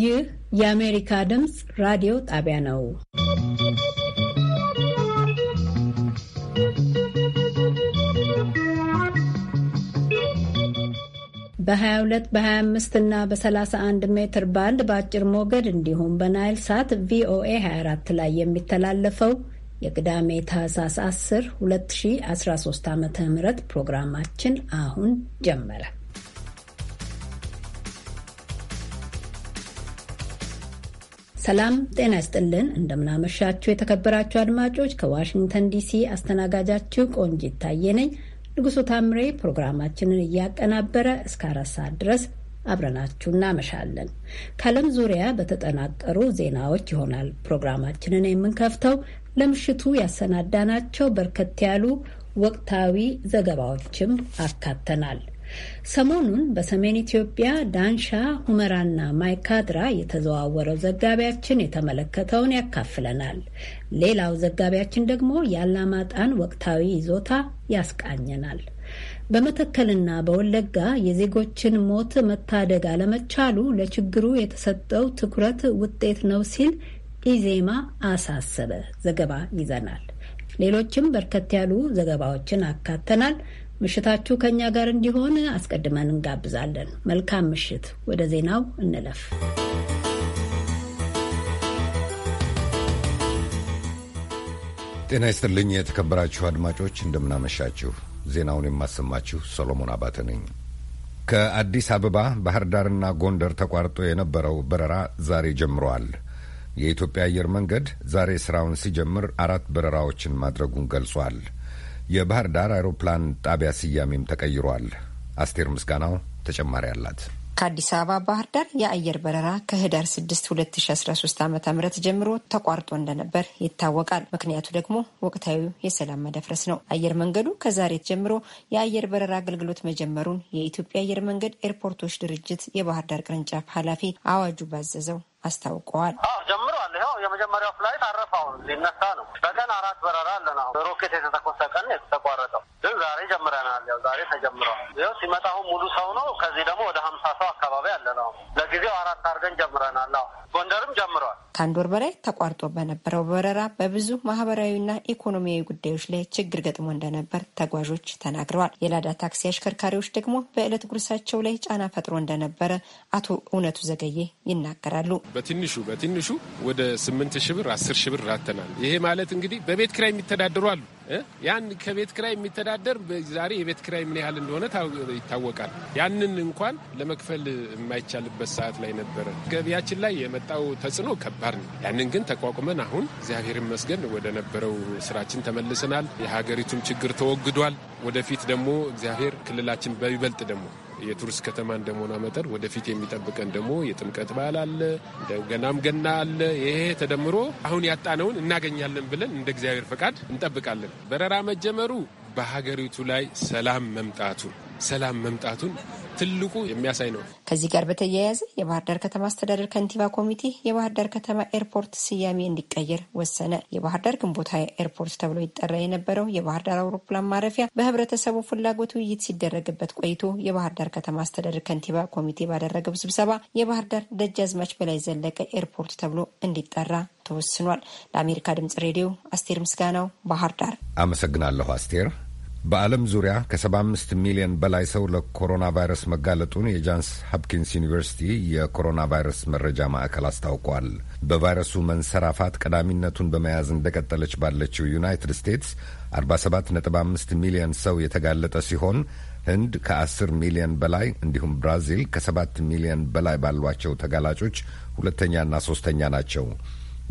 ይህ የአሜሪካ ድምፅ ራዲዮ ጣቢያ ነው። በ22 በ25 እና በ31 ሜትር ባንድ በአጭር ሞገድ እንዲሁም በናይል ሳት ቪኦኤ 24 ላይ የሚተላለፈው የቅዳሜ ታህሳስ 10 2013 ዓ ም ፕሮግራማችን አሁን ጀመረ። ሰላም ጤና ይስጥልን። እንደምናመሻችሁ የተከበራችሁ አድማጮች፣ ከዋሽንግተን ዲሲ አስተናጋጃችሁ ቆንጅ ይታየ ነኝ። ንጉሱ ታምሬ ፕሮግራማችንን እያቀናበረ እስከ አራት ሰዓት ድረስ አብረናችሁ እናመሻለን። ከዓለም ዙሪያ በተጠናቀሩ ዜናዎች ይሆናል ፕሮግራማችንን የምንከፍተው። ለምሽቱ ያሰናዳናቸው በርከት ያሉ ወቅታዊ ዘገባዎችም አካተናል። ሰሞኑን በሰሜን ኢትዮጵያ ዳንሻ፣ ሁመራና ማይካድራ የተዘዋወረው ዘጋቢያችን የተመለከተውን ያካፍለናል። ሌላው ዘጋቢያችን ደግሞ የአላማጣን ወቅታዊ ይዞታ ያስቃኘናል። በመተከልና በወለጋ የዜጎችን ሞት መታደግ አለመቻሉ ለችግሩ የተሰጠው ትኩረት ውጤት ነው ሲል ኢዜማ አሳሰበ ዘገባ ይዘናል። ሌሎችም በርከት ያሉ ዘገባዎችን አካተናል። ምሽታችሁ ከእኛ ጋር እንዲሆን አስቀድመን እንጋብዛለን። መልካም ምሽት። ወደ ዜናው እንለፍ። ጤና ይስጥልኝ የተከበራችሁ አድማጮች፣ እንደምናመሻችሁ። ዜናውን የማሰማችሁ ሰሎሞን አባተ ነኝ። ከአዲስ አበባ ባህር ዳርና ጎንደር ተቋርጦ የነበረው በረራ ዛሬ ጀምረዋል። የኢትዮጵያ አየር መንገድ ዛሬ ስራውን ሲጀምር አራት በረራዎችን ማድረጉን ገልጿል። የባህር ዳር አውሮፕላን ጣቢያ ስያሜም ተቀይሯል። አስቴር ምስጋናው ተጨማሪ አላት። ከአዲስ አበባ ባህር ዳር የአየር በረራ ከህዳር 6 2013 ዓ ም ጀምሮ ተቋርጦ እንደነበር ይታወቃል። ምክንያቱ ደግሞ ወቅታዊ የሰላም መደፍረስ ነው። አየር መንገዱ ከዛሬ ጀምሮ የአየር በረራ አገልግሎት መጀመሩን የኢትዮጵያ አየር መንገድ ኤርፖርቶች ድርጅት የባህር ዳር ቅርንጫፍ ኃላፊ አዋጁ ባዘዘው አስታውቀዋል። ጀምሯል። ይኸው የመጀመሪያው ፍላይት አረፋው ሊነሳ ነው። በቀን አራት በረራ አለን። አሁን ሮኬት የተተኮሰ ቀን የተቋረጠው ግን ዛሬ ጀምረናል። ያው ዛሬ ተጀምረዋል። ይኸው ሲመጣ አሁን ሙሉ ሰው ነው። ከዚህ ደግሞ ወደ ሀምሳ ሰው አካባቢ አለ ነው። ለጊዜው አራት አድርገን ጀምረናል። አሁን ጎንደርም ጀምረዋል። ከአንድ ወር በላይ ተቋርጦ በነበረው በረራ በብዙ ማህበራዊና ኢኮኖሚያዊ ጉዳዮች ላይ ችግር ገጥሞ እንደነበር ተጓዦች ተናግረዋል። የላዳ ታክሲ አሽከርካሪዎች ደግሞ በዕለት ጉርሳቸው ላይ ጫና ፈጥሮ እንደነበረ አቶ እውነቱ ዘገዬ ይናገራሉ። በትንሹ በትንሹ ወደ ስምንት ሽብር ብር አስር ሺህ ብር ራተናል። ይሄ ማለት እንግዲህ በቤት ክራይ የሚተዳደሩ አሉ። ያን ከቤት ክራይ የሚተዳደር ዛሬ የቤት ክራይ ምን ያህል እንደሆነ ይታወቃል። ያንን እንኳን ለመክፈል የማይቻልበት ሰዓት ላይ ነበረ። ገቢያችን ላይ የመጣው ተጽዕኖ ከባድ ነው። ያንን ግን ተቋቁመን አሁን እግዚአብሔር ይመስገን ወደ ነበረው ስራችን ተመልሰናል። የሀገሪቱም ችግር ተወግዷል። ወደፊት ደግሞ እግዚአብሔር ክልላችን በይበልጥ ደግሞ የቱሪስት ከተማ እንደመሆኗ መጠን ወደፊት የሚጠብቀን ደግሞ የጥምቀት በዓል አለ፣ ገናም ገና አለ። ይሄ ተደምሮ አሁን ያጣነውን እናገኛለን ብለን እንደ እግዚአብሔር ፈቃድ እንጠብቃለን። በረራ መጀመሩ በሀገሪቱ ላይ ሰላም መምጣቱ ሰላም መምጣቱን ትልቁ የሚያሳይ ነው። ከዚህ ጋር በተያያዘ የባህር ዳር ከተማ አስተዳደር ከንቲባ ኮሚቴ የባህር ዳር ከተማ ኤርፖርት ስያሜ እንዲቀየር ወሰነ። የባህር ዳር ግንቦት ኤርፖርት ተብሎ ይጠራ የነበረው የባህር ዳር አውሮፕላን ማረፊያ በህብረተሰቡ ፍላጎት ውይይት ሲደረግበት ቆይቶ የባህር ዳር ከተማ አስተዳደር ከንቲባ ኮሚቴ ባደረገው ስብሰባ የባህር ዳር ደጃዝማች በላይ ዘለቀ ኤርፖርት ተብሎ እንዲጠራ ተወስኗል። ለአሜሪካ ድምጽ ሬዲዮ አስቴር ምስጋናው ባህር ዳር። አመሰግናለሁ አስቴር። በዓለም ዙሪያ ከ75 ሚሊዮን በላይ ሰው ለኮሮና ቫይረስ መጋለጡን የጃንስ ሀፕኪንስ ዩኒቨርሲቲ የኮሮና ቫይረስ መረጃ ማዕከል አስታውቋል። በቫይረሱ መንሰራፋት ቀዳሚነቱን በመያዝ እንደቀጠለች ባለችው ዩናይትድ ስቴትስ 47.5 ሚሊዮን ሰው የተጋለጠ ሲሆን ህንድ ከ10 ሚሊዮን በላይ እንዲሁም ብራዚል ከ7 ሚሊዮን በላይ ባሏቸው ተጋላጮች ሁለተኛና ሶስተኛ ናቸው።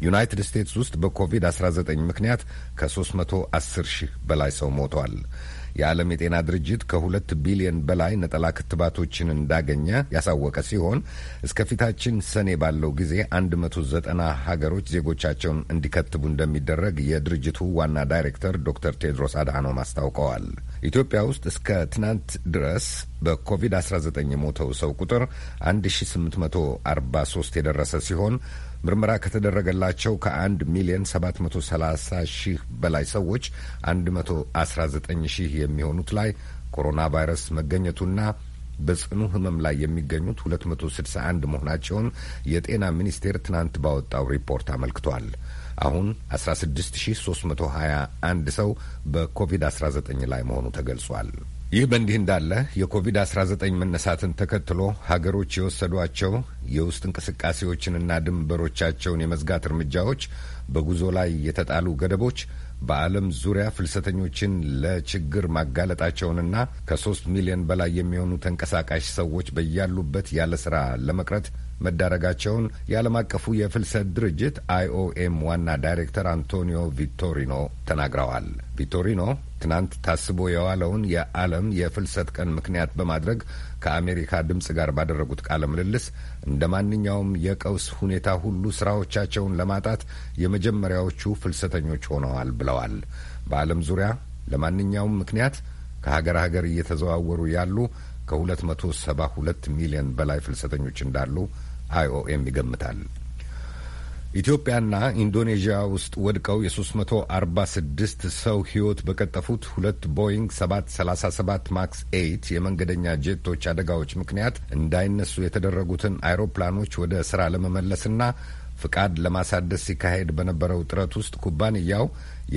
ዩናይትድ ስቴትስ ውስጥ በኮቪድ-19 ምክንያት ከ310 ሺህ በላይ ሰው ሞቷል። የዓለም የጤና ድርጅት ከሁለት ቢሊዮን በላይ ነጠላ ክትባቶችን እንዳገኘ ያሳወቀ ሲሆን እስከፊታችን ሰኔ ባለው ጊዜ 190 ሀገሮች ዜጎቻቸውን እንዲከትቡ እንደሚደረግ የድርጅቱ ዋና ዳይሬክተር ዶክተር ቴድሮስ አድሃኖም አስታውቀዋል። ኢትዮጵያ ውስጥ እስከ ትናንት ድረስ በኮቪድ-19 የሞተው ሰው ቁጥር 1843 የደረሰ ሲሆን ምርመራ ከተደረገላቸው ከአንድ ሚሊዮን 730 ሺህ በላይ ሰዎች 119 ሺህ የሚሆኑት ላይ ኮሮና ቫይረስ መገኘቱና በጽኑ ህመም ላይ የሚገኙት 261 መሆናቸውን የጤና ሚኒስቴር ትናንት ባወጣው ሪፖርት አመልክቷል። አሁን 16321 ሰው በኮቪድ-19 ላይ መሆኑ ተገልጿል። ይህ በእንዲህ እንዳለ የኮቪድ-19 መነሳትን ተከትሎ ሀገሮች የወሰዷቸው የውስጥ እንቅስቃሴዎችንና ድንበሮቻቸውን የመዝጋት እርምጃዎች፣ በጉዞ ላይ የተጣሉ ገደቦች በዓለም ዙሪያ ፍልሰተኞችን ለችግር ማጋለጣቸውንና ከሶስት ሚሊዮን በላይ የሚሆኑ ተንቀሳቃሽ ሰዎች በያሉበት ያለ ስራ ለመቅረት መዳረጋቸውን የዓለም አቀፉ የፍልሰት ድርጅት አይኦኤም ዋና ዳይሬክተር አንቶኒዮ ቪቶሪኖ ተናግረዋል። ቪቶሪኖ ትናንት ታስቦ የዋለውን የዓለም የፍልሰት ቀን ምክንያት በማድረግ ከአሜሪካ ድምፅ ጋር ባደረጉት ቃለ ምልልስ እንደ ማንኛውም የቀውስ ሁኔታ ሁሉ ስራዎቻቸውን ለማጣት የመጀመሪያዎቹ ፍልሰተኞች ሆነዋል ብለዋል። በዓለም ዙሪያ ለማንኛውም ምክንያት ከሀገር ሀገር እየተዘዋወሩ ያሉ ከ272 ሚሊዮን በላይ ፍልሰተኞች እንዳሉ አይኦኤም ይገምታል። ኢትዮጵያና ኢንዶኔዥያ ውስጥ ወድቀው የ346 ሰው ሕይወት በቀጠፉት ሁለት ቦይንግ 737 ማክስ 8 የመንገደኛ ጄቶች አደጋዎች ምክንያት እንዳይነሱ የተደረጉትን አይሮፕላኖች ወደ ሥራ ለመመለስና ፍቃድ ለማሳደስ ሲካሄድ በነበረው ጥረት ውስጥ ኩባንያው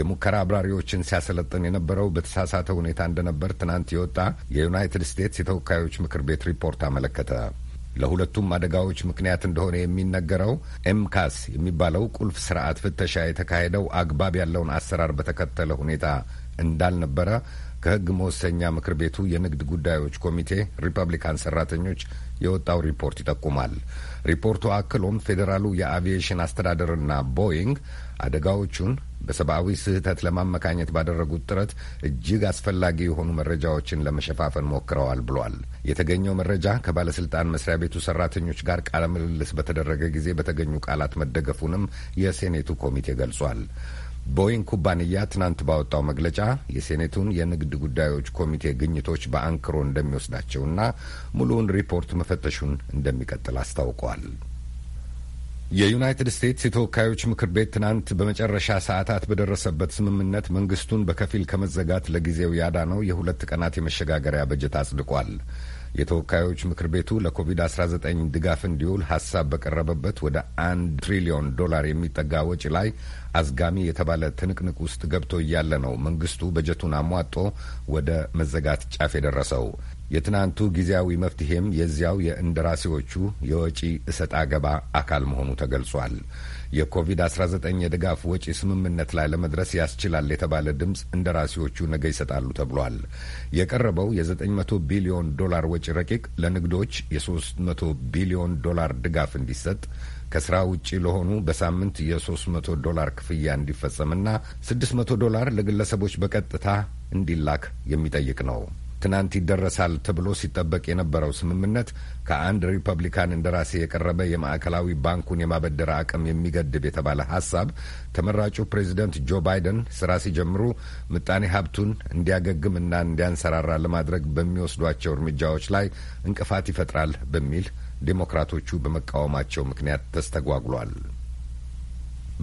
የሙከራ አብራሪዎችን ሲያሰለጥን የነበረው በተሳሳተ ሁኔታ እንደነበር ትናንት የወጣ የዩናይትድ ስቴትስ የተወካዮች ምክር ቤት ሪፖርት አመለከተ። ለሁለቱም አደጋዎች ምክንያት እንደሆነ የሚነገረው ኤምካስ የሚባለው ቁልፍ ስርዓት ፍተሻ የተካሄደው አግባብ ያለውን አሰራር በተከተለ ሁኔታ እንዳልነበረ ከህግ መወሰኛ ምክር ቤቱ የንግድ ጉዳዮች ኮሚቴ ሪፐብሊካን ሰራተኞች የወጣው ሪፖርት ይጠቁማል። ሪፖርቱ አክሎም ፌዴራሉ የአቪዬሽን አስተዳደርና ቦይንግ አደጋዎቹን በሰብአዊ ስህተት ለማመካኘት ባደረጉት ጥረት እጅግ አስፈላጊ የሆኑ መረጃዎችን ለመሸፋፈን ሞክረዋል ብሏል። የተገኘው መረጃ ከባለስልጣን መስሪያ ቤቱ ሰራተኞች ጋር ቃለ ምልልስ በተደረገ ጊዜ በተገኙ ቃላት መደገፉንም የሴኔቱ ኮሚቴ ገልጿል። ቦይንግ ኩባንያ ትናንት ባወጣው መግለጫ የሴኔቱን የንግድ ጉዳዮች ኮሚቴ ግኝቶች በአንክሮ እንደሚወስዳቸውና ሙሉውን ሪፖርት መፈተሹን እንደሚቀጥል አስታውቋል። የዩናይትድ ስቴትስ የተወካዮች ምክር ቤት ትናንት በመጨረሻ ሰዓታት በደረሰበት ስምምነት መንግስቱን በከፊል ከመዘጋት ለጊዜው ያዳነው የሁለት ቀናት የመሸጋገሪያ በጀት አጽድቋል። የተወካዮች ምክር ቤቱ ለኮቪድ-19 ድጋፍ እንዲውል ሀሳብ በቀረበበት ወደ አንድ ትሪሊዮን ዶላር የሚጠጋ ወጪ ላይ አዝጋሚ የተባለ ትንቅንቅ ውስጥ ገብቶ እያለ ነው መንግስቱ በጀቱን አሟጦ ወደ መዘጋት ጫፍ የደረሰው። የትናንቱ ጊዜያዊ መፍትሄም የዚያው የእንደራሴዎቹ የወጪ እሰጣ አገባ አካል መሆኑ ተገልጿል። የኮቪድ-19 የድጋፍ ወጪ ስምምነት ላይ ለመድረስ ያስችላል የተባለ ድምፅ እንደራሴዎቹ ነገ ይሰጣሉ ተብሏል። የቀረበው የ900 ቢሊዮን ዶላር ወጪ ረቂቅ ለንግዶች የ300 ቢሊዮን ዶላር ድጋፍ እንዲሰጥ ከስራ ውጪ ለሆኑ በሳምንት የ300 ዶላር ክፍያ እንዲፈጸምና 600 ዶላር ለግለሰቦች በቀጥታ እንዲላክ የሚጠይቅ ነው። ትናንት ይደረሳል ተብሎ ሲጠበቅ የነበረው ስምምነት ከአንድ ሪፐብሊካን እንደራሴ የቀረበ የማዕከላዊ ባንኩን የማበደር አቅም የሚገድብ የተባለ ሀሳብ ተመራጩ ፕሬዚደንት ጆ ባይደን ስራ ሲጀምሩ ምጣኔ ሀብቱን እንዲያገግምና እንዲያንሰራራ ለማድረግ በሚወስዷቸው እርምጃዎች ላይ እንቅፋት ይፈጥራል በሚል ዴሞክራቶቹ በመቃወማቸው ምክንያት ተስተጓጉሏል።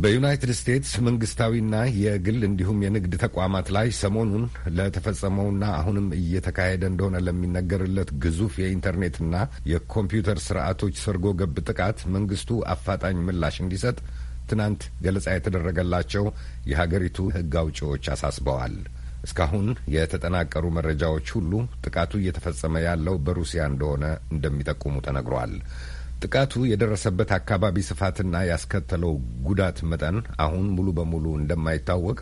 በዩናይትድ ስቴትስ መንግስታዊና የግል እንዲሁም የንግድ ተቋማት ላይ ሰሞኑን ለተፈጸመውና አሁንም እየተካሄደ እንደሆነ ለሚነገርለት ግዙፍ የኢንተርኔትና የኮምፒውተር ስርዓቶች ሰርጎ ገብ ጥቃት መንግስቱ አፋጣኝ ምላሽ እንዲሰጥ ትናንት ገለጻ የተደረገላቸው የሀገሪቱ ሕግ አውጪዎች አሳስበዋል። እስካሁን የተጠናቀሩ መረጃዎች ሁሉ ጥቃቱ እየተፈጸመ ያለው በሩሲያ እንደሆነ እንደሚጠቁሙ ተነግሯል። ጥቃቱ የደረሰበት አካባቢ ስፋትና ያስከተለው ጉዳት መጠን አሁን ሙሉ በሙሉ እንደማይታወቅ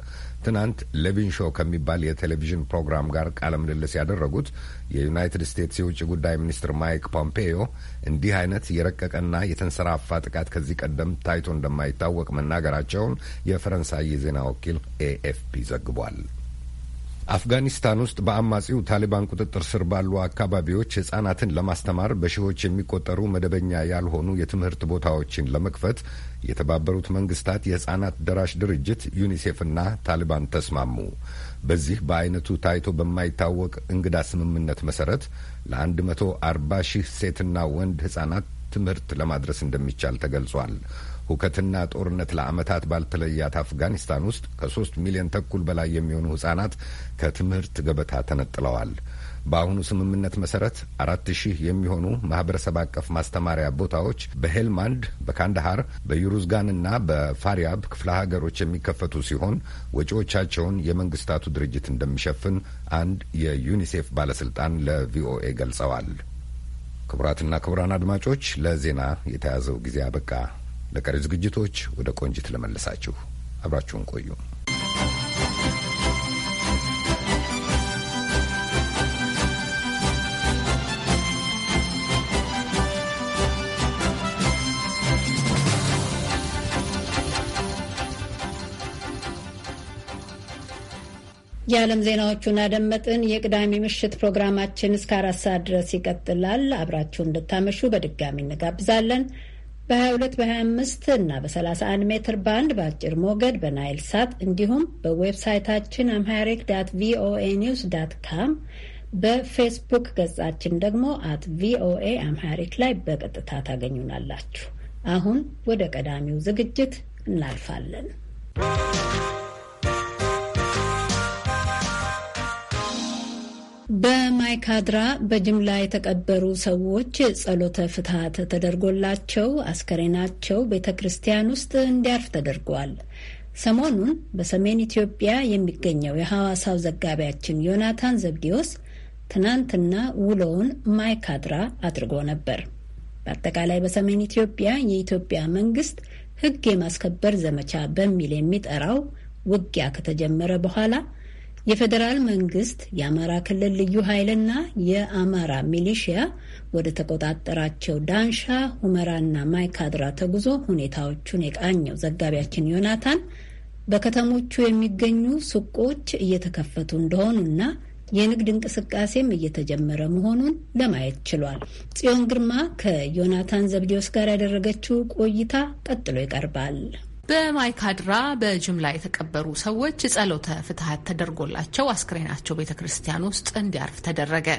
ትናንት ሌቪን ሾው ከሚባል የቴሌቪዥን ፕሮግራም ጋር ቃለ ምልልስ ያደረጉት የዩናይትድ ስቴትስ የውጭ ጉዳይ ሚኒስትር ማይክ ፖምፔዮ እንዲህ አይነት የረቀቀና የተንሰራፋ ጥቃት ከዚህ ቀደም ታይቶ እንደማይታወቅ መናገራቸውን የፈረንሳይ የዜና ወኪል ኤኤፍፒ ዘግቧል። አፍጋኒስታን ውስጥ በአማጺው ታሊባን ቁጥጥር ስር ባሉ አካባቢዎች ህጻናትን ለማስተማር በሺዎች የሚቆጠሩ መደበኛ ያልሆኑ የትምህርት ቦታዎችን ለመክፈት የተባበሩት መንግስታት የህጻናት ደራሽ ድርጅት ዩኒሴፍና ታሊባን ተስማሙ። በዚህ በአይነቱ ታይቶ በማይታወቅ እንግዳ ስምምነት መሰረት ለአንድ መቶ አርባ ሺህ ሴትና ወንድ ህጻናት ትምህርት ለማድረስ እንደሚቻል ተገልጿል። ሁከትና ጦርነት ለዓመታት ባልተለያት አፍጋኒስታን ውስጥ ከሶስት ሚሊዮን ተኩል በላይ የሚሆኑ ህጻናት ከትምህርት ገበታ ተነጥለዋል። በአሁኑ ስምምነት መሰረት አራት ሺህ የሚሆኑ ማህበረሰብ አቀፍ ማስተማሪያ ቦታዎች በሄልማንድ፣ በካንዳሃር፣ በዩሩዝጋንና በፋሪያብ ክፍለ ሀገሮች የሚከፈቱ ሲሆን ወጪዎቻቸውን የመንግስታቱ ድርጅት እንደሚሸፍን አንድ የዩኒሴፍ ባለስልጣን ለቪኦኤ ገልጸዋል። ክቡራትና ክቡራን አድማጮች ለዜና የተያዘው ጊዜ አበቃ። ለቀሪ ዝግጅቶች ወደ ቆንጂት ለመለሳችሁ አብራችሁን ቆዩ። የዓለም ዜናዎቹን አደመጥን። የቅዳሜ ምሽት ፕሮግራማችን እስከ አራት ሰዓት ድረስ ይቀጥላል። አብራችሁ እንድታመሹ በድጋሚ እንጋብዛለን። በ22 በ25 እና በ31 ሜትር ባንድ በአጭር ሞገድ በናይል ሳት እንዲሁም በዌብሳይታችን አምሃሪክ ዳት ቪኦኤ ኒውስ ዳት ካም በፌስቡክ ገጻችን ደግሞ አት ቪኦኤ አምሃሪክ ላይ በቀጥታ ታገኙናላችሁ። አሁን ወደ ቀዳሚው ዝግጅት እናልፋለን። በማይካድራ በጅምላ የተቀበሩ ሰዎች ጸሎተ ፍትሐት ተደርጎላቸው አስከሬናቸው ቤተ ክርስቲያን ውስጥ እንዲያርፍ ተደርጓል። ሰሞኑን በሰሜን ኢትዮጵያ የሚገኘው የሐዋሳው ዘጋቢያችን ዮናታን ዘብዲዮስ ትናንትና ውሎውን ማይካድራ አድርጎ ነበር። በአጠቃላይ በሰሜን ኢትዮጵያ የኢትዮጵያ መንግስት ሕግ የማስከበር ዘመቻ በሚል የሚጠራው ውጊያ ከተጀመረ በኋላ የፌዴራል መንግስት የአማራ ክልል ልዩ ኃይልና የአማራ ሚሊሽያ ወደ ተቆጣጠራቸው ዳንሻ፣ ሁመራና ማይካድራ ተጉዞ ሁኔታዎቹን የቃኘው ዘጋቢያችን ዮናታን በከተሞቹ የሚገኙ ሱቆች እየተከፈቱ እንደሆኑና የንግድ እንቅስቃሴም እየተጀመረ መሆኑን ለማየት ችሏል። ጽዮን ግርማ ከዮናታን ዘብዲዎስ ጋር ያደረገችው ቆይታ ቀጥሎ ይቀርባል። በማይካድራ በጅምላ የተቀበሩ ሰዎች ጸሎተ ፍትሐት ተደርጎላቸው አስክሬናቸው ቤተ ክርስቲያን ውስጥ እንዲያርፍ ተደረገ።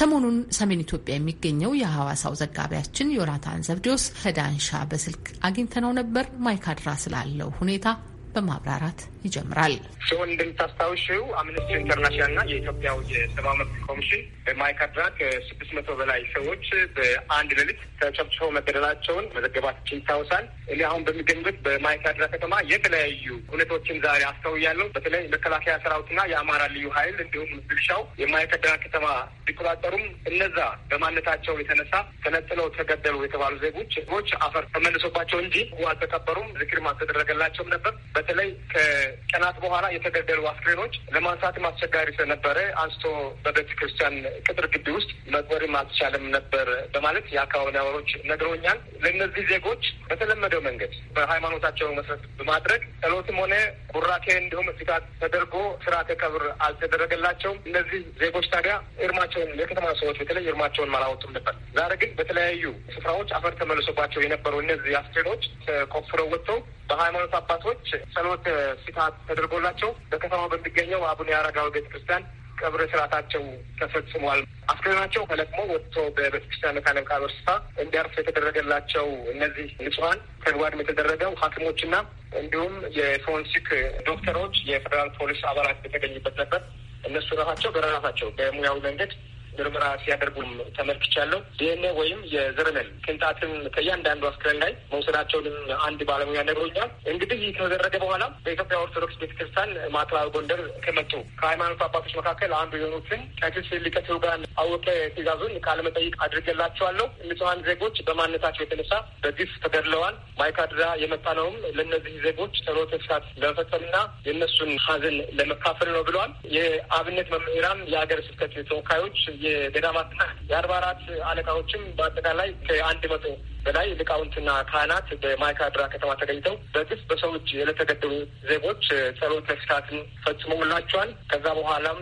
ሰሞኑን ሰሜን ኢትዮጵያ የሚገኘው የሐዋሳው ዘጋቢያችን ዮናታን ዘብዴዎስ ከዳንሻ በስልክ አግኝተነው ነበር። ማይካድራ ስላለው ሁኔታ በማብራራት ይጀምራል። ሲሆን እንደምታስታውሽው አምነስቲ ኢንተርናሽናልና የኢትዮጵያው የሰብአዊ መብት ኮሚሽን በማይካድራ ከስድስት መቶ በላይ ሰዎች በአንድ ሌሊት ተጨፍጭፎ መገደላቸውን መዘገባችን ይታወሳል። እኔ አሁን በሚገኝበት በማይካድራ ከተማ የተለያዩ ሁኔታዎችን ዛሬ አስተውያለሁ። በተለይ መከላከያ ሰራዊትና የአማራ ልዩ ኃይል እንዲሁም ድርሻው የማይካድራ ከተማ ቢቆጣጠሩም እነዛ በማነታቸው የተነሳ ተነጥለው ተገደሉ የተባሉ ዜጎች ህጎች አፈር ተመልሶባቸው እንጂ አልተቀበሩም፣ ዝክርም አልተደረገላቸውም ነበር። በተለይ ከቀናት በኋላ የተገደሉ አስክሬኖች ለማንሳትም አስቸጋሪ ስለነበረ አንስቶ በቤተ ክርስቲያን ቅጥር ግቢ ውስጥ መቅበርም አልተቻለም ነበር በማለት የአካባቢ ነዋሪዎች ነግረውኛል። ለእነዚህ ዜጎች በተለመደው መንገድ በሃይማኖታቸው መሰረት በማድረግ ጸሎትም ሆነ ቡራኬ እንዲሁም ስጋት ተደርጎ ስርዓተ ቀብር አልተደረገላቸውም። እነዚህ ዜጎች ታዲያ እርማቸውን የከተማ ሰዎች በተለይ እርማቸውን አላወጡም ነበር። ዛሬ ግን በተለያዩ ስፍራዎች አፈር ተመልሶባቸው የነበሩ እነዚህ አስክሬኖች ተቆፍረው ወጥተው በሃይማኖት አባቶች ጸሎት ስርዓት ተደርጎላቸው በከተማው በሚገኘው አቡነ አረጋዊ ቤተክርስቲያን ቀብረ ስርዓታቸው ተፈጽሟል። አስክሬናቸው ተለቅሞ ወጥቶ በቤተክርስቲያን መካነ መቃብር ስፍራ እንዲያርፍ የተደረገላቸው እነዚህ ንጹሀን ተግባርም የተደረገው ሐኪሞችና እንዲሁም የፎረንሲክ ዶክተሮች፣ የፌዴራል ፖሊስ አባላት የተገኙበት ነበር። እነሱ ራሳቸው በራሳቸው በሙያዊ መንገድ ምርመራ ሲያደርጉም ተመልክቻለሁ። ዲኤንኤ ወይም የዘረመል ቅንጣትን ከእያንዳንዱ አስክሬን ላይ መውሰዳቸውንም አንድ ባለሙያ ነግሮኛል። እንግዲህ ይህ ከተደረገ በኋላ በኢትዮጵያ ኦርቶዶክስ ቤተክርስቲያን ማዕከላዊ ጎንደር ከመጡ ከሃይማኖት አባቶች መካከል አንዱ የሆኑትን ቀሲስ ሊቀ ትጉሃን አወቀ ትእዛዙን ቃለመጠይቅ አድርገላቸዋለሁ። ንጹሐን ዜጎች በማንነታቸው የተነሳ በግፍ ተገድለዋል። ማይካድራ የመጣ ነውም ለእነዚህ ዜጎች ጸሎተ ፍትሐት ለመፈጸምና የእነሱን ሀዘን ለመካፈል ነው ብለዋል። የአብነት መምህራን የሀገር ስብከት ተወካዮች የገዳማትና የአድባራት አለቃዎችም በአጠቃላይ ከአንድ መቶ በላይ ልቃውንትና ካህናት በማይካድራ ከተማ ተገኝተው በግፍ በሰዎች የለተገደሉ ዜጎች ጸሎት ፍትሐትን ፈጽመውላቸዋል። ከዛ በኋላም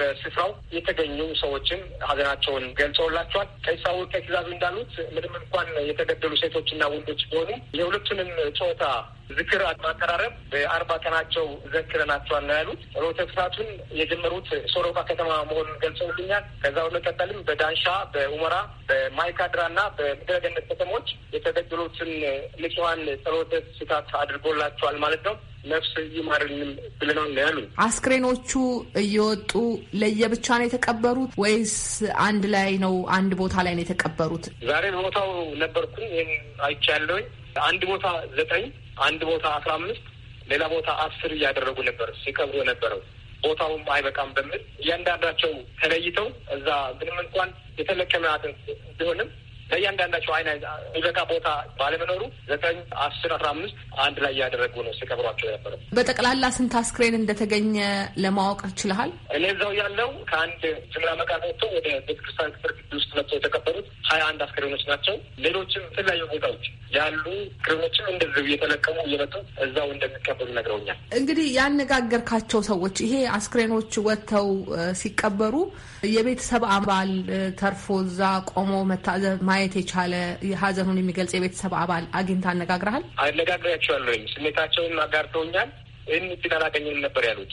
በስፍራው የተገኙ ሰዎችም ሀዘናቸውን ገልጸውላቸዋል። ቀሲሳው ከትእዛዙ እንዳሉት ምንም እንኳን የተገደሉ ሴቶችና ወንዶች ቢሆኑ የሁለቱንም ጾታ ዝክር ማቀራረብ በአርባ ቀናቸው ዘክረናቸዋል ነው ያሉት። ጸሎተ ፍትሐቱን የጀመሩት ሶሮካ ከተማ መሆኑን ገልጸውልኛል። ከዛ በመቀጠልም በዳንሻ፣ በኡመራ፣ በማይካድራ በምድረ በምድረገነት ከተሞች ሰዎች የተገደሉትን ንጹሐን ጸሎተ ስታት አድርጎላቸዋል ማለት ነው። ነፍስ ይማርንም ብለናል ነው ያሉ። አስክሬኖቹ እየወጡ ለየብቻ ነው የተቀበሩት ወይስ አንድ ላይ ነው? አንድ ቦታ ላይ ነው የተቀበሩት? ዛሬ ቦታው ነበርኩኝ። ይህን አይቻለሁኝ። አንድ ቦታ ዘጠኝ፣ አንድ ቦታ አስራ አምስት ሌላ ቦታ አስር እያደረጉ ነበር ሲቀብሩ የነበረው። ቦታውም አይበቃም በምል እያንዳንዳቸው ተለይተው እዛ ምንም እንኳን የተለቀመ ቢሆንም ለእያንዳንዳቸው አይነ ሚበቃ ቦታ ባለመኖሩ ዘጠኝ አስር አስራ አምስት አንድ ላይ እያደረጉ ነው ሲቀብሯቸው የነበረው። በጠቅላላ ስንት አስክሬን እንደተገኘ ለማወቅ ችልሃል? እኔ እዛው ያለው ከአንድ ጅምላ መቃብር ወጥቶ ወደ ቤተክርስቲያን ቅጥር ግቢ ውስጥ መጥቶ የተቀበሩት ሀያ አንድ አስክሬኖች ናቸው። ሌሎችም የተለያዩ ቦታዎች ያሉ አስክሬኖችም እንደዚህ እየተለቀሙ እየመጡ እዛው እንደሚቀበሉ ነግረውኛል። እንግዲህ ያነጋገርካቸው ሰዎች ይሄ አስክሬኖች ወጥተው ሲቀበሩ የቤተሰብ አባል ተርፎ እዛ ቆሞ መታዘብ ማየት የቻለ ሀዘኑን የሚገልጽ የቤተሰብ አባል አግኝታ አነጋግረሃል? አነጋግሬያቸዋለሁ። ስሜታቸውን አጋርተውኛል። ይህን እድል አላገኘንም ነበር ያሉት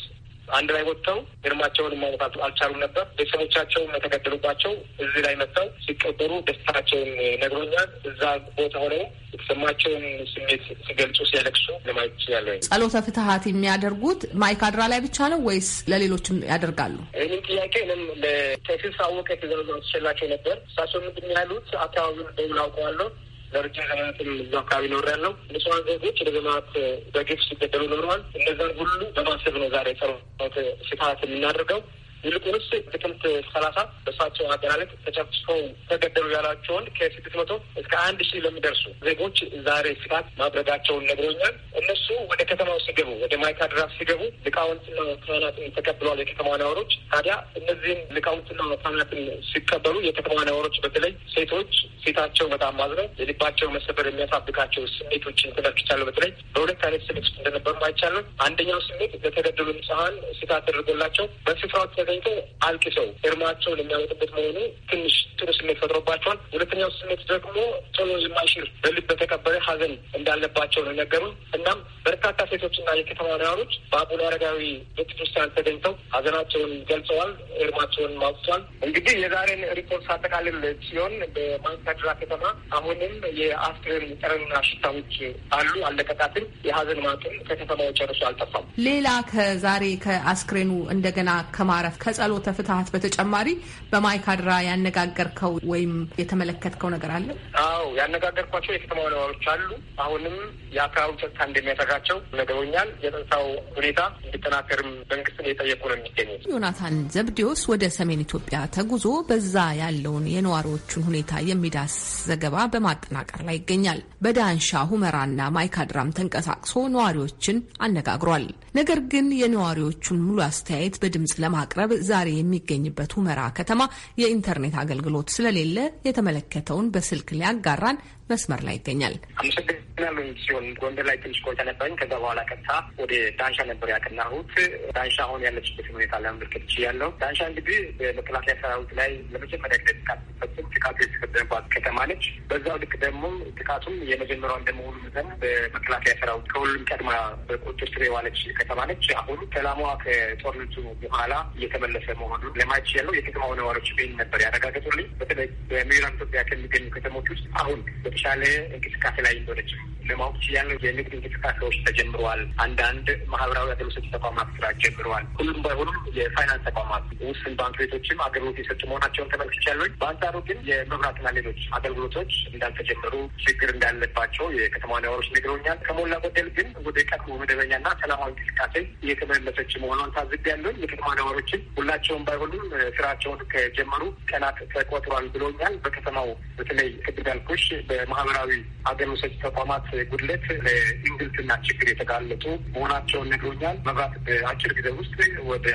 አንድ ላይ ወጥተው ግርማቸውን ማውጣት አልቻሉም ነበር። ቤተሰቦቻቸው የተገደሉባቸው እዚህ ላይ መጥተው ሲቀበሩ ደስታቸውን ነግሮኛል። እዛ ቦታ ሆነው የተሰማቸውን ስሜት ሲገልጹ፣ ሲያለቅሱ ለማየት ይችላለ። ጸሎተ ፍትሀት የሚያደርጉት ማይካድራ ላይ ብቻ ነው ወይስ ለሌሎችም ያደርጋሉ? ይህንም ጥያቄ ም ለቴክስ አወቀ የተዘበዘ ስላቸው ነበር። እሳቸው ምንድን ያሉት አካባቢውን በውል አውቀዋለሁ ለረጅ ሀያትን እዛ አካባቢ ኖር ያለው ንጹሀን ዜጎች ለዘመናት በግፍ ሲገደሉ ኖረዋል። እነዛን ሁሉ በማሰብ ነው ዛሬ ጸሎት ስፋት የምናደርገው። ይልቁንስ ጥቅምት ሰላሳ በእሳቸው አገላለጥ ተጨፍጭፈው ተገደሉ ያሏቸውን ከስድስት መቶ እስከ አንድ ሺህ ለሚደርሱ ዜጎች ዛሬ ስጋት ማድረጋቸውን ነግሮኛል። እነሱ ወደ ከተማው ሲገቡ ወደ ማይካድራ ሲገቡ ሊቃውንትና ካህናትን ተቀብለዋል የከተማ ነዋሪዎች። ታዲያ እነዚህም ሊቃውንትና ካህናትን ሲቀበሉ የከተማ ነዋሪዎች በተለይ ሴቶች ሴታቸው በጣም ማዝነው የልባቸው መሰበር የሚያሳብቃቸው ስሜቶችን ተመልክቻለሁ። በተለይ በሁለት አይነት ስሜት ውስጥ እንደነበሩ አይቻለሁ። አንደኛው ስሜት ለተገደሉ ንጹሐን ስጋት ተደርጎላቸው በስፍራው ተገኝቶ አልቅሰው እርማቸውን የሚያወጡበት መሆኑ ትንሽ ጥሩ ስሜት ፈጥሮባቸዋል። ሁለተኛው ስሜት ደግሞ ቶሎ የማይሽር በልብ በተቀበረ ሀዘን እንዳለባቸው ነው ነገሩን። እናም በርካታ ሴቶችና የከተማ ነዋሪዎች በአቡነ አረጋዊ ቤተክርስቲያን ተገኝተው ሀዘናቸውን ገልጸዋል፣ እርማቸውን ማውጥቷል። እንግዲህ የዛሬን ሪፖርት ሳጠቃልል ሲሆን በማንሳድራ ከተማ አሁንም የአስክሬን ጠረንና ሽታዎች አሉ። አለቀቃትን የሀዘን ማጥን ከከተማው ጨርሶ አልጠፋም። ሌላ ከዛሬ ከአስክሬኑ እንደገና ከማረፍ ከጸሎተ ፍትሀት በተጨማሪ በማይካድራ ያነጋገርከው ወይም የተመለከትከው ነገር አለ? አዎ ያነጋገርኳቸው የከተማ ነዋሪዎች አሉ። አሁንም የአካባቢ ጸጥታ እንደሚያሰጋቸው ነገሮኛል። የጸጥታው ሁኔታ እንዲጠናከርም መንግስትን እየጠየቁ ነው የሚገኙት። ዮናታን ዘብዴዎስ ወደ ሰሜን ኢትዮጵያ ተጉዞ በዛ ያለውን የነዋሪዎቹን ሁኔታ የሚዳስ ዘገባ በማጠናቀር ላይ ይገኛል። በዳንሻ ሁመራና ማይካድራም ተንቀሳቅሶ ነዋሪዎችን አነጋግሯል። ነገር ግን የነዋሪዎቹን ሙሉ አስተያየት በድምጽ ለማቅረብ ዛሬ የሚገኝበት ሁመራ ከተማ የኢንተርኔት አገልግሎት ስለሌለ የተመለከተውን በስልክ ሊያጋራን መስመር ላይ ይገኛል። አመሰግናለሁ ሲሆን ጎንደር ላይ ትንሽ ቆይታ ነበረኝ። ከዛ በኋላ ቀጥታ ወደ ዳንሻ ነበር ያቀናሁት። ዳንሻ አሁን ያለችበትን ሁኔታ ለመመልከት ችያለሁ። ዳንሻ እንግዲህ በመከላከያ ሰራዊት ላይ ለመጀመሪያ ጊዜ ጥቃት ሲፈጽም ጥቃቱ የተፈጸመባት ከተማ ነች። በዛው ልክ ደግሞ ጥቃቱም እንደመሆኑ መጠን በመከላከያ ሰራዊት ከሁሉም ቀድማ በቁጥጥር ስር የዋለች ከተማ ነች። አሁን ሰላሟ ከጦርነቱ በኋላ እየተመለሰ መሆኑን ለማየት ችያለሁ። የከተማው ነዋሪዎች ነበር ያረጋገጡልኝ። በተለይ በምዕራብ ኢትዮጵያ ከሚገኙ ከተሞች ውስጥ አሁን የተቻለ እንቅስቃሴ ላይ እንደሆነች ለማወቅ ችያለሁ። የንግድ እንቅስቃሴዎች ተጀምረዋል። አንዳንድ ማህበራዊ አገልግሎት ተቋማት ስራ ጀምረዋል። ሁሉም ባይሆኑም የፋይናንስ ተቋማት ውስን ባንክ ቤቶችም አገልግሎት የሰጡ መሆናቸውን ተመልክቻለሁኝ። በአንጻሩ ግን የመብራትና ሌሎች አገልግሎቶች እንዳልተጀመሩ፣ ችግር እንዳለባቸው የከተማ ነዋሪዎች ነግረውኛል። ከሞላ ጎደል ግን ወደ ቀድሞ መደበኛና ሰላማዊ እንቅስቃሴ እየተመለሰች መሆኗን ታዝቤያለሁኝ። የከተማ ነዋሪዎችን ሁላቸውም ባይሆኑም ስራቸውን ከጀመሩ ቀናት ተቆጥሯል ብለውኛል። በከተማው በተለይ ቅድም እንዳልኩሽ የማህበራዊ አገር ውሰጅ ተቋማት ጉድለት ለእንግልትና ችግር የተጋለጡ መሆናቸውን ነግሮኛል። መብራት በአጭር ጊዜ ውስጥ ወደ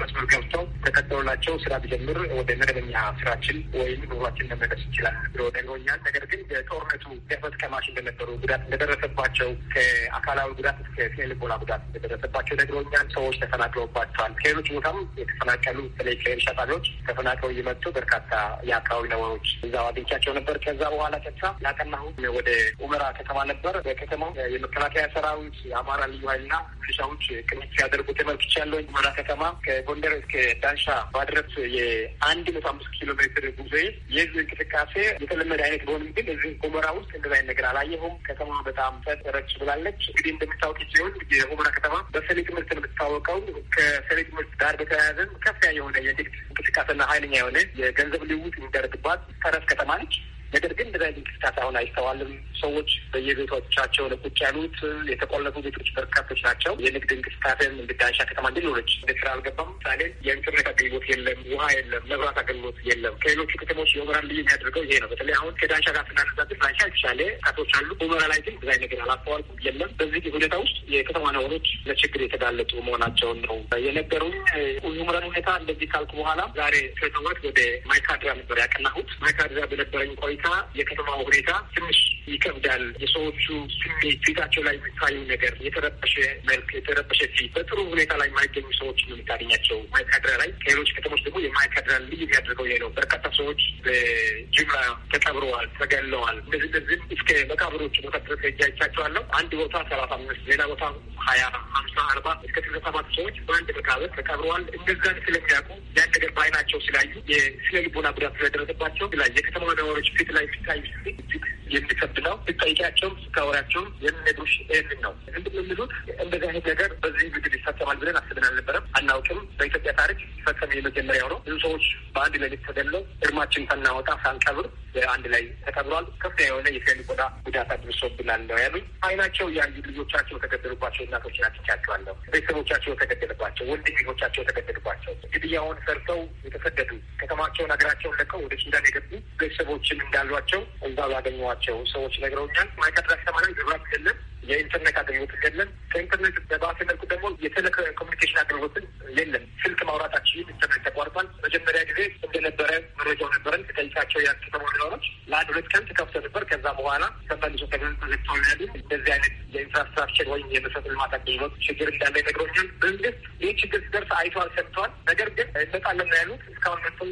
መስመር ገብተው ተቀጥሎላቸው ስራ ቢጀምር ወደ መደበኛ ስራችን ወይም ኑሯችን ለመድረስ ይችላል ብሎ ነግሮኛል። ነገር ግን በጦርነቱ ገፈት ቀማሽ እንደነበሩ፣ ጉዳት እንደደረሰባቸው፣ ከአካላዊ ጉዳት እስከ ስነልቦና ጉዳት እንደደረሰባቸው ነግሮኛል። ሰዎች ተፈናቅለውባቸዋል። ከሌሎች ቦታም የተፈናቀሉ በተለይ ከኤርሻ ጣቢያዎች ተፈናቅለው እየመጡ በርካታ የአካባቢ ነዋሪዎች እዛው አግኝቻቸው ነበር። ከዛ በኋላ ቀጥታ ያቀናሁት ወደ ኡመራ ከተማ ነበር። በከተማው የመከላከያ ሰራዊት፣ የአማራ ልዩ ኃይልና ሚሊሻዎች ቅንጅት ሲያደርጉ ተመልክቻለሁ። ኡመራ ከተማ ከጎንደር እስከ ዳንሻ ባድረስ የአንድ መቶ አምስት ኪሎ ሜትር ጉዞ የህዝብ እንቅስቃሴ የተለመደ አይነት ቢሆንም ግን እዚህ ኡመራ ውስጥ እንደዛ አይነት ነገር አላየሁም። ከተማ በጣም ፈጠረች ብላለች። እንግዲህ እንደምታወቅ ሲሆን የኡመራ ከተማ በሰሌ ትምህርት የምትታወቀው። ከሰሌ ትምህርት ጋር በተያያዘም ከፍተኛ የሆነ የንግድ እንቅስቃሴና ኃይለኛ የሆነ የገንዘብ ልውውጥ የሚደረግባት ተረፍ ከተማ ነች። ነገር ግን እንደዚ አይነት አሁን አይስተዋልም። ሰዎች በየቤቶቻቸው ለቁጭ ያሉት የተቆለፉ ቤቶች በርካቶች ናቸው። የንግድ እንቅስቃሴም እንግዳሻ ከተማ እንድኖረች እንደ ስራ አልገባም። ምሳሌ የኢንተርኔት አገልግሎት የለም፣ ውሃ የለም፣ መብራት አገልግሎት የለም። ከሌሎቹ ከተሞች የሁመራን ልዩ የሚያደርገው ይሄ ነው። በተለይ አሁን ከዳንሻ ጋር ስናነጻጽር ዳንሻ የተሻለ ካቶች አሉ። ሁመራ ላይ ግን ብዛይ ነገር አላስተዋልኩ የለም። በዚህ ሁኔታ ውስጥ የከተማ ነዋሪዎች ለችግር የተጋለጡ መሆናቸውን ነው የነገሩኝ። ሁመራን ሁኔታ እንደዚህ ካልኩ በኋላ ዛሬ ከተማት ወደ ማይካድራ ነበር ያቀናሁት። ማይካድራ በነበረኝ ቆይ ሁኔታ የከተማው ሁኔታ ትንሽ ይከብዳል። የሰዎቹ ስሜት ፊታቸው ላይ የሚታዩ ነገር የተረበሸ መልክ፣ የተረበሸ ፊት፣ በጥሩ ሁኔታ ላይ የማይገኙ ሰዎች ነው የምታገኛቸው ማይካድራ ላይ። ከሌሎች ከተሞች ደግሞ የማይካድራ ልዩ የሚያደርገው ይሄ ነው። በርካታ ሰዎች በጅምላ ተቀብረዋል፣ ተገለዋል። እንደዚህ እንደዚህም እስከ መቃብሮች ቦታ ድረስ ሄጄ አይቻቸዋለሁ። አንድ ቦታ ሰላሳ አምስት ሌላ ቦታ ሀያ ሀምሳ አርባ እስከ ስልሳ ሰባት ሰዎች በአንድ መቃብር ተቀብረዋል። እነዛን ስለሚያውቁ ያን ነገር በአይናቸው ስላዩ የስነ ልቦና ጉዳት ስለደረሰባቸው ላይ የከተማ ነዋሪዎች ፊት ላይ ሲታዩ እጅግ የሚከብድ ነው። ስጠይቂያቸውም ስታወሪያቸውም የሚነግሩሽ ይህንን ነው። እንድም የሚሉት እንደዚህ አይነት ነገር በዚህ ምድር ይፈጸማል ብለን አስብን አልነበረም፣ አናውቅም። በኢትዮጵያ ታሪክ ሲፈጸም የመጀመሪያው ነው። ብዙ ሰዎች በአንድ ላይ ተገድለው እርማችን ሳናወጣ ሳንቀብር አንድ ላይ ተቀብሯል። ከፍተኛ የሆነ የስነ ልቦና ጉዳት አድርሶብናል ነው ያሉኝ። አይናቸው ያዩ ልጆቻቸው ተገደሉባቸውና እናቶችን አጥቻቸዋለሁ። ቤተሰቦቻቸው የተገደልባቸው፣ ወንድ ልጆቻቸው የተገደልባቸው፣ ግድያውን ሰርተው የተሰደዱ ከተማቸውን ሀገራቸውን ለቀው ወደ ሱዳን የገቡ ቤተሰቦችን እንዳሏቸው እዛ ያገኘኋቸው ሰዎች ነግረውኛል። ማይቀጥላ ከተማ ላይ ግብራት የለም የኢንተርኔት አገልግሎት የለም። ከኢንተርኔት በባሴ መልኩ ደግሞ የቴሌኮሙኒኬሽን አገልግሎትን የለም። ስልክ ማውራታችን ኢንተርኔት ተቋርጧል። መጀመሪያ ጊዜ እንደነበረ መረጃው ነበረን። ከጠይቃቸው የከተማ ወደዳሮች ለአንድ ሁለት ቀን ተከፍቶ ነበር። ከዛ በኋላ ተመልሶ ተዘግተዋል እንደዚህ አይነት የኢንፍራስትራክቸር ወይም የመሰረተ ልማት አገልግሎት ችግር እንዳለ ይነግሮኛል። መንግስት ይህ ችግር ሲደርስ አይቷል፣ ሰጥቷል። ነገር ግን እንመጣለን ያሉት እስካሁን መጥተው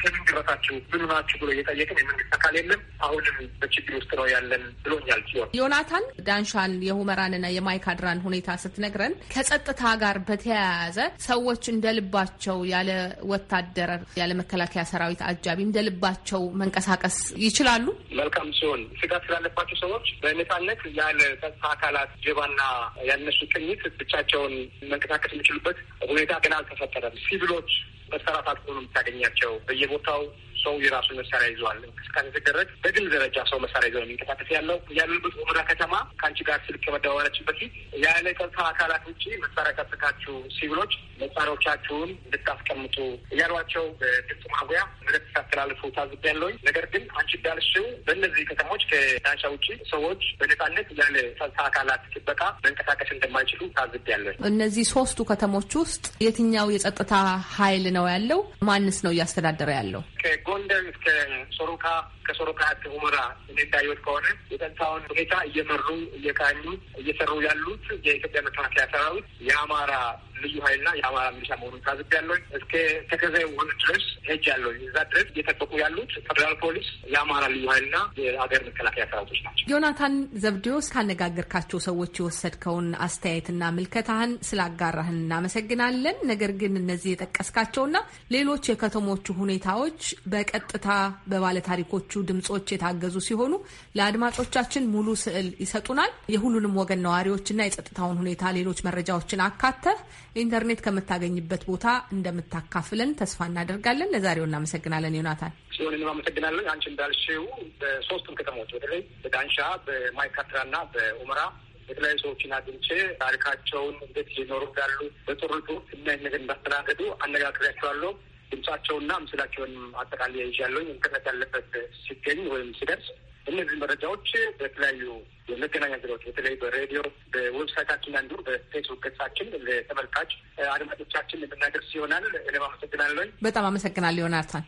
ከምን ድረሳችሁ ምን ናችሁ ብሎ እየጠየቅን የመንግስት አካል የለም አሁንም በችግር ውስጥ ነው ያለን ብሎኛል። ሲሆን ዮናታን ዳንሻን የሁመራንና የማይካድራን ሁኔታ ስትነግረን ከጸጥታ ጋር በተያያዘ ሰዎች እንደልባቸው ያለ ወታደር ያለ መከላከያ ሰራዊት አጃቢ እንደልባቸው መንቀሳቀስ ይችላሉ። መልካም ሲሆን ስጋት ስላለባቸው ሰዎች በነፃነት ያለ ጸጥታ አካላት ጀባና ያነሱ ቅኝት ብቻቸውን መንቀሳቀስ የሚችሉበት ሁኔታ ገና አልተፈጠረም። ሲቪሎች መሰራት አጥፎ ነው የምታገኛቸው። በየቦታው ሰው የራሱን መሳሪያ ይዘዋል እንቅስቃሴ ሲደረግ በግል ደረጃ ሰው መሳሪያ ይዘው የሚንቀሳቀስ ያለው ያሉበት ወረዳ ከተማ ከአንቺ ጋር ስልክ መደዋወላችን በፊት ያለ ጸጥታ አካላት ውጭ መሳሪያ ቀጥታችሁ ሲቪሎች መሳሪያዎቻችሁን እንድታስቀምጡ እያሏቸው ድምፅ ማጉያ ምረት ሲያስተላልፉ ታዝቤያለሁኝ። ነገር ግን አንቺ እንዳልሽው በእነዚህ ከተሞች ከዳንሻ ውጭ ሰዎች በነጻነት ያለ ጸጥታ አካላት ጥበቃ መንቀሳቀስ እንደማይችሉ ታዝቤያለሁኝ። እነዚህ ሶስቱ ከተሞች ውስጥ የትኛው የጸጥታ ኃይል ነው ያለው? ማንስ ነው እያስተዳደረ ያለው? ከጎንደር እስከ ሶሮካ ከሶሮካ እስከ ሁመራ እንደታየት ከሆነ የጸጥታውን ሁኔታ እየመሩ እየቃኙ እየሰሩ ያሉት የኢትዮጵያ መከላከያ ሰራዊት የአማራ ልዩ ኃይልና የአማራ ሚሊሻ መሆኑን ታዝብ ያለኝ እስከ ተከዘ ውህን ድረስ ሄጅ ያለኝ እዛ ድረስ እየጠበቁ ያሉት ፌደራል ፖሊስ፣ የአማራ ልዩ ኃይልና የአገር መከላከያ ሰራዊቶች ናቸው። ዮናታን ዘብዴዎስ ካነጋገርካቸው ሰዎች የወሰድከውን አስተያየትና ምልከታህን ስላጋራህን እናመሰግናለን። ነገር ግን እነዚህ የጠቀስካቸውና ሌሎች የከተሞቹ ሁኔታዎች በቀጥታ በባለታሪኮቹ ድምጾች የታገዙ ሲሆኑ ለአድማጮቻችን ሙሉ ስዕል ይሰጡናል። የሁሉንም ወገን ነዋሪዎችና የጸጥታውን ሁኔታ ሌሎች መረጃዎችን አካተህ ኢንተርኔት ከምታገኝበት ቦታ እንደምታካፍለን ተስፋ እናደርጋለን። ለዛሬው እናመሰግናለን ዮናታን ሲሆን እኔም አመሰግናለን። አንቺ እንዳልሽው በሶስቱም ከተሞች በተለይ በዳንሻ፣ በማይካድራና በኡመራ የተለያዩ ሰዎችን አግኝቼ ታሪካቸውን እንዴት ሊኖሩ እንዳሉ በጥሩቱ እናይ እንዳስተናገዱ አነጋግሬያቸዋለሁ። ድምጻቸውና ምስላቸውን አጠቃላይ ይዣለሁ። ኢንተርኔት ያለበት ሲገኝ ወይም ሲደርስ እነዚህ መረጃዎች በተለያዩ የመገናኛ ዘዴዎች በተለይ በሬዲዮ በዌብሳይታችን፣ አንዱ በፌስቡክ ገጻችን ለተመልካች አድማጮቻችን የምናደርስ ይሆናል። እኔም አመሰግናለሁ። በጣም አመሰግናለሁ ዮናታን።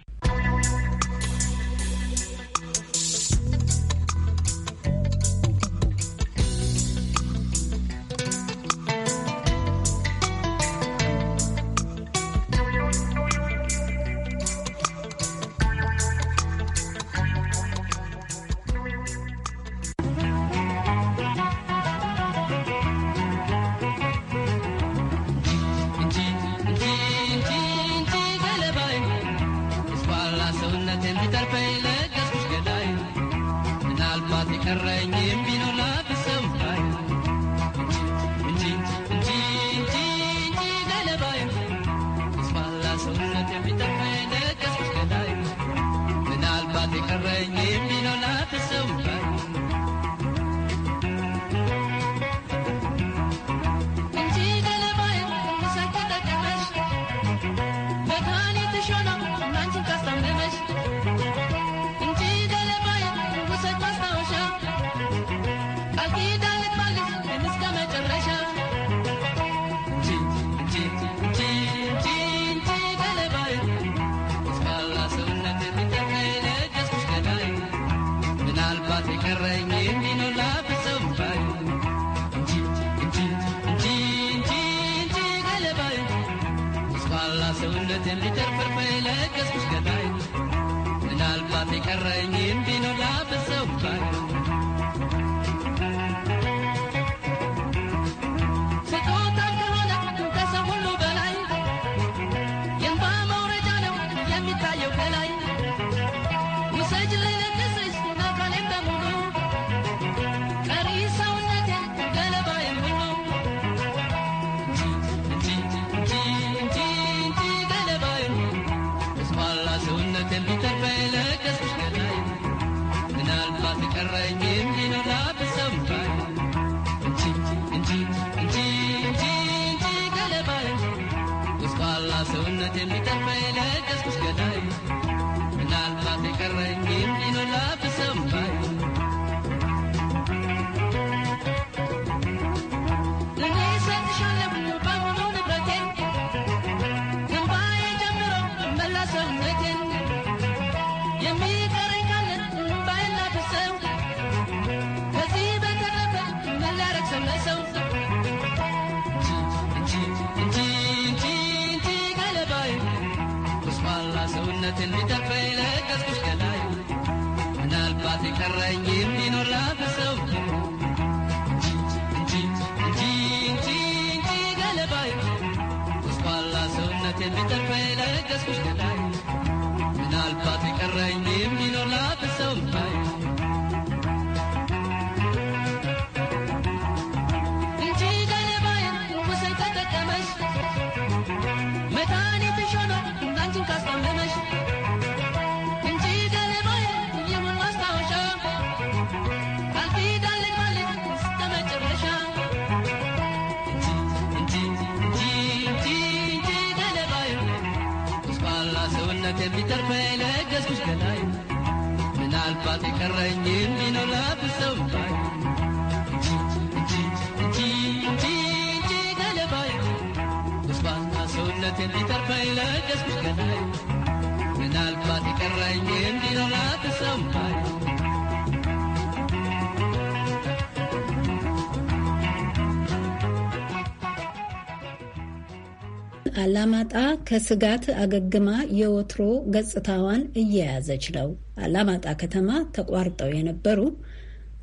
አላማጣ ከስጋት አገግማ የወትሮ ገጽታዋን እየያዘች ነው። አላማጣ ከተማ ተቋርጠው የነበሩ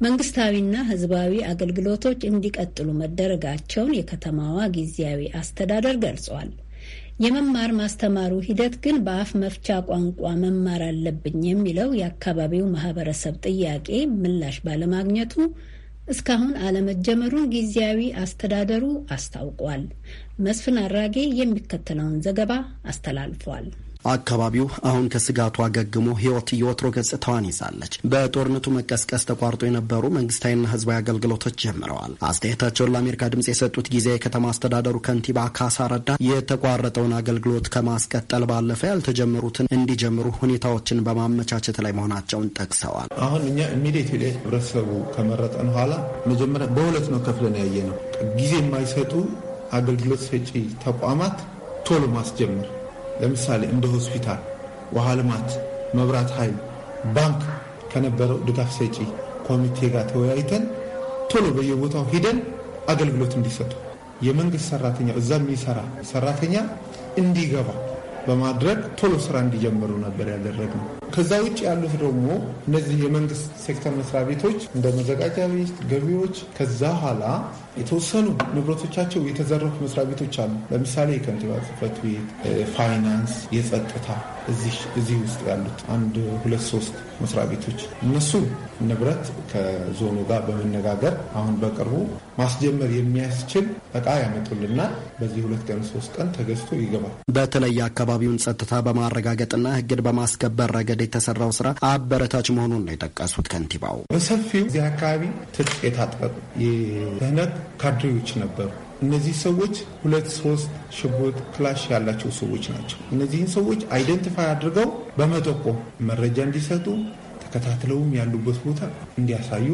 መንግስታዊና ሕዝባዊ አገልግሎቶች እንዲቀጥሉ መደረጋቸውን የከተማዋ ጊዜያዊ አስተዳደር ገልጿል። የመማር ማስተማሩ ሂደት ግን በአፍ መፍቻ ቋንቋ መማር አለብኝ የሚለው የአካባቢው ማህበረሰብ ጥያቄ ምላሽ ባለማግኘቱ እስካሁን አለመጀመሩን ጊዜያዊ አስተዳደሩ አስታውቋል። መስፍን አራጌ የሚከተለውን ዘገባ አስተላልፏል። አካባቢው አሁን ከስጋቱ አገግሞ ህይወት የወትሮ ገጽታዋን ይዛለች። በጦርነቱ መቀስቀስ ተቋርጦ የነበሩ መንግስታዊና ህዝባዊ አገልግሎቶች ጀምረዋል። አስተያየታቸውን ለአሜሪካ ድምጽ የሰጡት ጊዜ የከተማ አስተዳደሩ ከንቲባ ካሳ ረዳ የተቋረጠውን አገልግሎት ከማስቀጠል ባለፈ ያልተጀመሩትን እንዲጀምሩ ሁኔታዎችን በማመቻቸት ላይ መሆናቸውን ጠቅሰዋል። አሁን እኛ ኢሚዲት ህብረተሰቡ ከመረጠን ኋላ መጀመሪያ በሁለት ነው ከፍለን ያየ ነው ጊዜ የማይሰጡ አገልግሎት ሰጪ ተቋማት ቶሎ ማስጀመር፣ ለምሳሌ እንደ ሆስፒታል፣ ውሃ ልማት፣ መብራት ኃይል፣ ባንክ ከነበረው ድጋፍ ሰጪ ኮሚቴ ጋር ተወያይተን ቶሎ በየቦታው ሂደን አገልግሎት እንዲሰጡ የመንግስት ሰራተኛ እዛ የሚሰራ ሰራተኛ እንዲገባ በማድረግ ቶሎ ስራ እንዲጀምሩ ነበር ያደረግነው። ከዛ ውጭ ያሉት ደግሞ እነዚህ የመንግስት ሴክተር መስሪያ ቤቶች እንደ መዘጋጃ ቤት፣ ገቢዎች ከዛ ኋላ የተወሰኑ ንብረቶቻቸው የተዘረፉ መስሪያ ቤቶች አሉ። ለምሳሌ የከንቲባ ጽሕፈት ቤት፣ ፋይናንስ፣ የጸጥታ እዚህ ውስጥ ያሉት አንድ ሁለት ሶስት መስሪያ ቤቶች እነሱ ንብረት ከዞኑ ጋር በመነጋገር አሁን በቅርቡ ማስጀመር የሚያስችል እቃ ያመጡልናል። በዚህ ሁለት ቀን ሶስት ቀን ተገዝቶ ይገባል። በተለይ አካባቢውን ጸጥታ በማረጋገጥና ህግን በማስከበር ረገድ ረገድ የተሰራው ስራ አበረታች መሆኑን ነው የጠቀሱት ከንቲባው። በሰፊው እዚህ አካባቢ ትጥቅ የታጠቁ የደህንነት ካድሬዎች ነበሩ። እነዚህ ሰዎች ሁለት ሶስት ሽጉጥ፣ ክላሽ ያላቸው ሰዎች ናቸው። እነዚህን ሰዎች አይደንቲፋይ አድርገው በመጠቆም መረጃ እንዲሰጡ ተከታትለውም ያሉበት ቦታ እንዲያሳዩ፣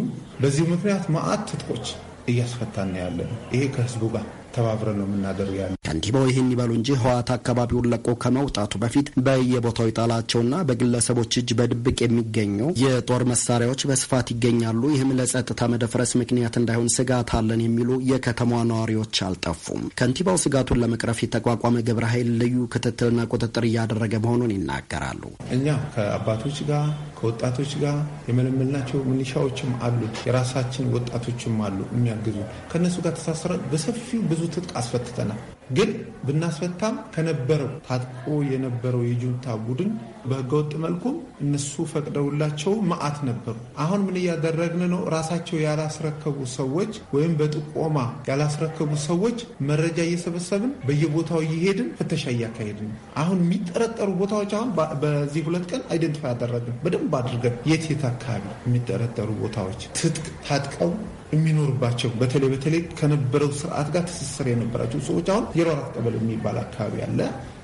በዚህ ምክንያት ማአት ትጥቆች እያስፈታን ያለ ነው። ይሄ ከህዝቡ ጋር ተባብረን ነው የምናደርግ ያለ ከንቲባው ይህን ይበሉ እንጂ ህወሓት አካባቢውን ለቆ ከመውጣቱ በፊት በየቦታው የጣላቸውና በግለሰቦች እጅ በድብቅ የሚገኘው የጦር መሳሪያዎች በስፋት ይገኛሉ። ይህም ለጸጥታ መደፍረስ ምክንያት እንዳይሆን ስጋት አለን የሚሉ የከተማ ነዋሪዎች አልጠፉም። ከንቲባው ስጋቱን ለመቅረፍ የተቋቋመ ግብረ ኃይል ልዩ ክትትልና ቁጥጥር እያደረገ መሆኑን ይናገራሉ። እኛ ከአባቶች ጋር ከወጣቶች ጋር የመለመልናቸው ምንሻዎችም አሉ። የራሳችን ወጣቶችም አሉ የሚያግዙ ከእነሱ ጋር ተሳስረን በሰፊው ብዙ ትጥቅ አስፈትተናል። ግን ብናስፈታም ከነበረው ታጥቆ የነበረው የጁንታ ቡድን በህገወጥ መልኩ እነሱ ፈቅደውላቸው መዓት ነበሩ። አሁን ምን እያደረግን ነው? ራሳቸው ያላስረከቡ ሰዎች ወይም በጥቆማ ያላስረከቡ ሰዎች መረጃ እየሰበሰብን በየቦታው እየሄድን ፍተሻ እያካሄድን ነው። አሁን የሚጠረጠሩ ቦታዎች አሁን በዚህ ሁለት ቀን አይደንቲፋይ ያደረግን በደንብ አድርገን የት የት አካባቢ የሚጠረጠሩ ቦታዎች ትጥቅ ታጥቀው የሚኖሩባቸው በተለይ በተለይ ከነበረው ስርዓት ጋር ትስስር የነበራቸው ሰዎች አሁን የሮራት ቀበሌ የሚባል አካባቢ አለ።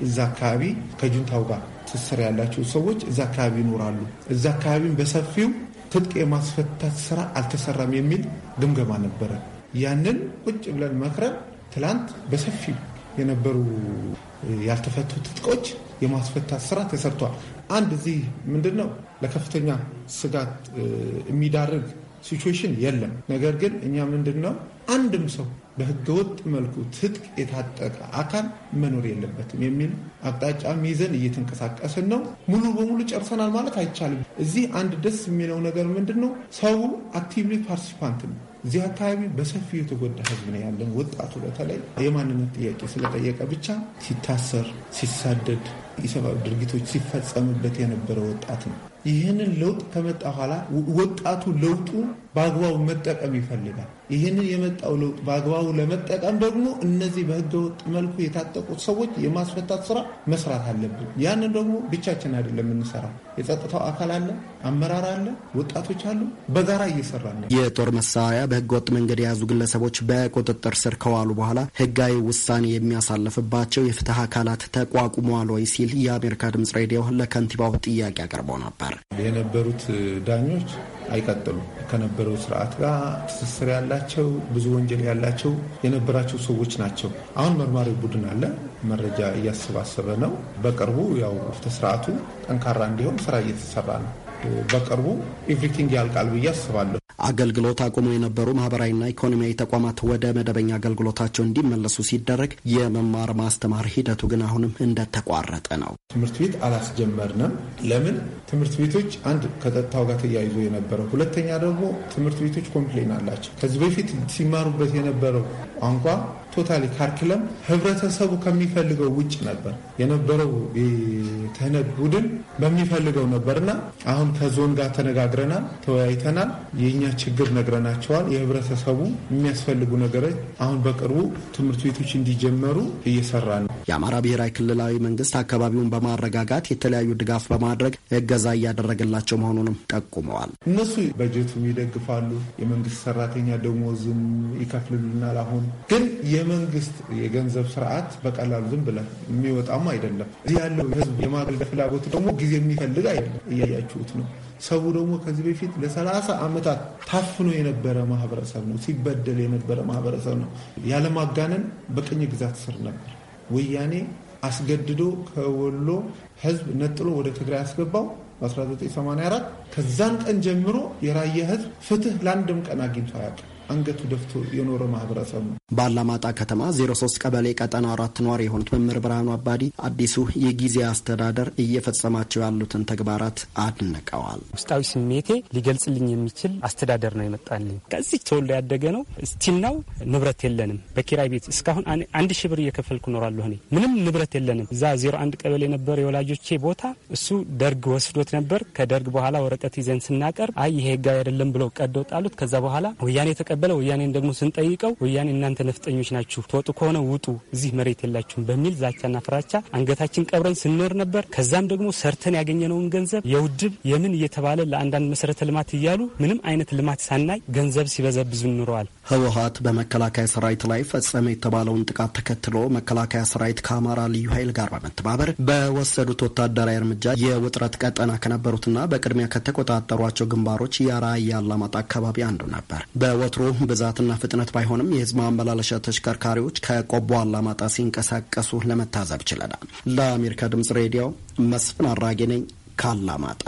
እዛ አካባቢ ከጁንታው ጋር ትስስር ያላቸው ሰዎች እዛ አካባቢ ይኖራሉ። እዛ አካባቢን በሰፊው ትጥቅ የማስፈታት ስራ አልተሰራም የሚል ግምገማ ነበረ። ያንን ቁጭ ብለን መክረን ትላንት በሰፊው የነበሩ ያልተፈቱ ትጥቆች የማስፈታት ስራ ተሰርቷል። አንድ እዚህ ምንድን ነው ለከፍተኛ ስጋት የሚዳርግ ሲቹዌሽን የለም። ነገር ግን እኛ ምንድን ነው አንድም ሰው በህገወጥ መልኩ ትጥቅ የታጠቀ አካል መኖር የለበትም የሚል አቅጣጫም ይዘን እየተንቀሳቀስን ነው። ሙሉ በሙሉ ጨርሰናል ማለት አይቻልም። እዚህ አንድ ደስ የሚለው ነገር ምንድን ነው? ሰው አክቲቭሊ ፓርቲሲፓንት ነው። እዚህ አካባቢ በሰፊው የተጎዳ ህዝብ ነው ያለን። ወጣቱ በተለይ የማንነት ጥያቄ ስለጠየቀ ብቻ ሲታሰር፣ ሲሳደድ፣ ኢሰብአዊ ድርጊቶች ሲፈጸምበት የነበረ ወጣት ነው። ይህንን ለውጥ ከመጣ በኋላ ወጣቱ ለውጡ በአግባቡ መጠቀም ይፈልጋል። ይህንን የመጣው ለውጥ በአግባቡ ለመጠቀም ደግሞ እነዚህ በህገወጥ መልኩ የታጠቁት ሰዎች የማስፈታት ስራ መስራት አለብን። ያንን ደግሞ ብቻችን አይደለም የምንሰራው። የጸጥታው አካል አለ፣ አመራር አለ፣ ወጣቶች አሉ። በጋራ እየሰራ ነው። የጦር መሳሪያ በህገወጥ መንገድ የያዙ ግለሰቦች በቁጥጥር ስር ከዋሉ በኋላ ህጋዊ ውሳኔ የሚያሳልፍባቸው የፍትህ አካላት ተቋቁመዋል ወይ ሲል የአሜሪካ ድምጽ ሬዲዮ ለከንቲባው ጥያቄ አቅርበው ነበር። የነበሩት ዳኞች አይቀጥሉም ከነበረው ስርዓት ጋር ትስስር ያላቸው ያላቸው ብዙ ወንጀል ያላቸው የነበራቸው ሰዎች ናቸው። አሁን መርማሪ ቡድን አለ፣ መረጃ እያሰባሰበ ነው። በቅርቡ ያው ፍትህ ስርዓቱ ጠንካራ እንዲሆን ስራ እየተሰራ ነው። በቅርቡ ኤቭሪቲንግ ያልቃል ብዬ አስባለሁ። አገልግሎት አቁመው የነበሩ ማህበራዊና ኢኮኖሚያዊ ተቋማት ወደ መደበኛ አገልግሎታቸው እንዲመለሱ ሲደረግ የመማር ማስተማር ሂደቱ ግን አሁንም እንደተቋረጠ ነው። ትምህርት ቤት አላስጀመርንም። ለምን ትምህርት ቤቶች አንድ ከጸጥታው ጋር ተያይዞ የነበረው፣ ሁለተኛ ደግሞ ትምህርት ቤቶች ኮምፕሌን አላቸው። ከዚህ በፊት ሲማሩበት የነበረው ቋንቋ ቶታሊ ካርክለም ህብረተሰቡ ከሚፈልገው ውጭ ነበር የነበረው። የትህነት ቡድን በሚፈልገው ነበርና አሁን ከዞን ጋር ተነጋግረናል፣ ተወያይተናል። የእኛ ችግር ነግረናቸዋል። የህብረተሰቡ የሚያስፈልጉ ነገሮች አሁን በቅርቡ ትምህርት ቤቶች እንዲጀመሩ እየሰራ ነው። የአማራ ብሔራዊ ክልላዊ መንግስት አካባቢውን በማረጋጋት የተለያዩ ድጋፍ በማድረግ እገዛ እያደረገላቸው መሆኑንም ጠቁመዋል። እነሱ በጀቱም ይደግፋሉ። የመንግስት ሰራተኛ ደሞዝም ይከፍልልናል። አሁን ግን የመንግስት የገንዘብ ስርዓት በቀላሉ ዝም ብለን የሚወጣም አይደለም። እዚህ ያለው ህዝብ የማገልገል ፍላጎት ደግሞ ጊዜ የሚፈልግ አይደለም። እያያችሁት ነው። ሰው ደግሞ ከዚህ በፊት ለሰላሳ ዓመታት ታፍኖ የነበረ ማህበረሰብ ነው። ሲበደል የነበረ ማህበረሰብ ነው። ያለማጋነን በቅኝ ግዛት ስር ነበር። ወያኔ አስገድዶ ከወሎ ህዝብ ነጥሎ ወደ ትግራይ አስገባው በ1984 ከዛን ቀን ጀምሮ የራየ ህዝብ ፍትህ ለአንድም ቀን አግኝቶ አያውቅም። አንገቱ ደፍቶ የኖረ ማህበረሰብ ነው። በአላማጣ ከተማ 03 ቀበሌ ቀጠና አራት ነዋሪ የሆኑት መምህር ብርሃኑ አባዲ አዲሱ የጊዜ አስተዳደር እየፈጸማቸው ያሉትን ተግባራት አድንቀዋል። ውስጣዊ ስሜቴ ሊገልጽልኝ የሚችል አስተዳደር ነው የመጣልኝ። ከዚህ ተወልዶ ያደገ ነው። እስቲል ነው። ንብረት የለንም። በኪራይ ቤት እስካሁን አንድ ሺ ብር እየከፈልኩ እኖራለሁ። እኔ ምንም ንብረት የለንም። እዛ 01 ቀበሌ ነበር የወላጆቼ ቦታ። እሱ ደርግ ወስዶት ነበር። ከደርግ በኋላ ወረቀት ይዘን ስናቀርብ አይ ይሄ ህጋዊ አይደለም ብለው ቀዶ ጣሉት። ከዛ በኋላ ወያኔ ያልተቀበለ ወያኔን ደግሞ ስንጠይቀው ወያኔ እናንተ ነፍጠኞች ናችሁ፣ ትወጡ ከሆነ ውጡ፣ እዚህ መሬት የላችሁም በሚል ዛቻና ፍራቻ አንገታችን ቀብረን ስንኖር ነበር። ከዛም ደግሞ ሰርተን ያገኘነውን ገንዘብ የውድብ የምን እየተባለ ለአንዳንድ መሰረተ ልማት እያሉ ምንም አይነት ልማት ሳናይ ገንዘብ ሲበዘብዙ ኑረዋል። ህወሀት በመከላከያ ሰራዊት ላይ ፈጸመ የተባለውን ጥቃት ተከትሎ መከላከያ ሰራዊት ከአማራ ልዩ ኃይል ጋር በመተባበር በወሰዱት ወታደራዊ እርምጃ የውጥረት ቀጠና ከነበሩትና በቅድሚያ ከተቆጣጠሯቸው ግንባሮች የራያ አላማጣ አካባቢ አንዱ ነበር። በወትሮ ብዛትና ፍጥነት ባይሆንም የህዝብ ማመላለሻ ተሽከርካሪዎች ከቆቦ አላማጣ ሲንቀሳቀሱ ለመታዘብ ችለናል። ለአሜሪካ ድምጽ ሬዲዮ መስፍን አራጌ ነኝ ካላማጣ።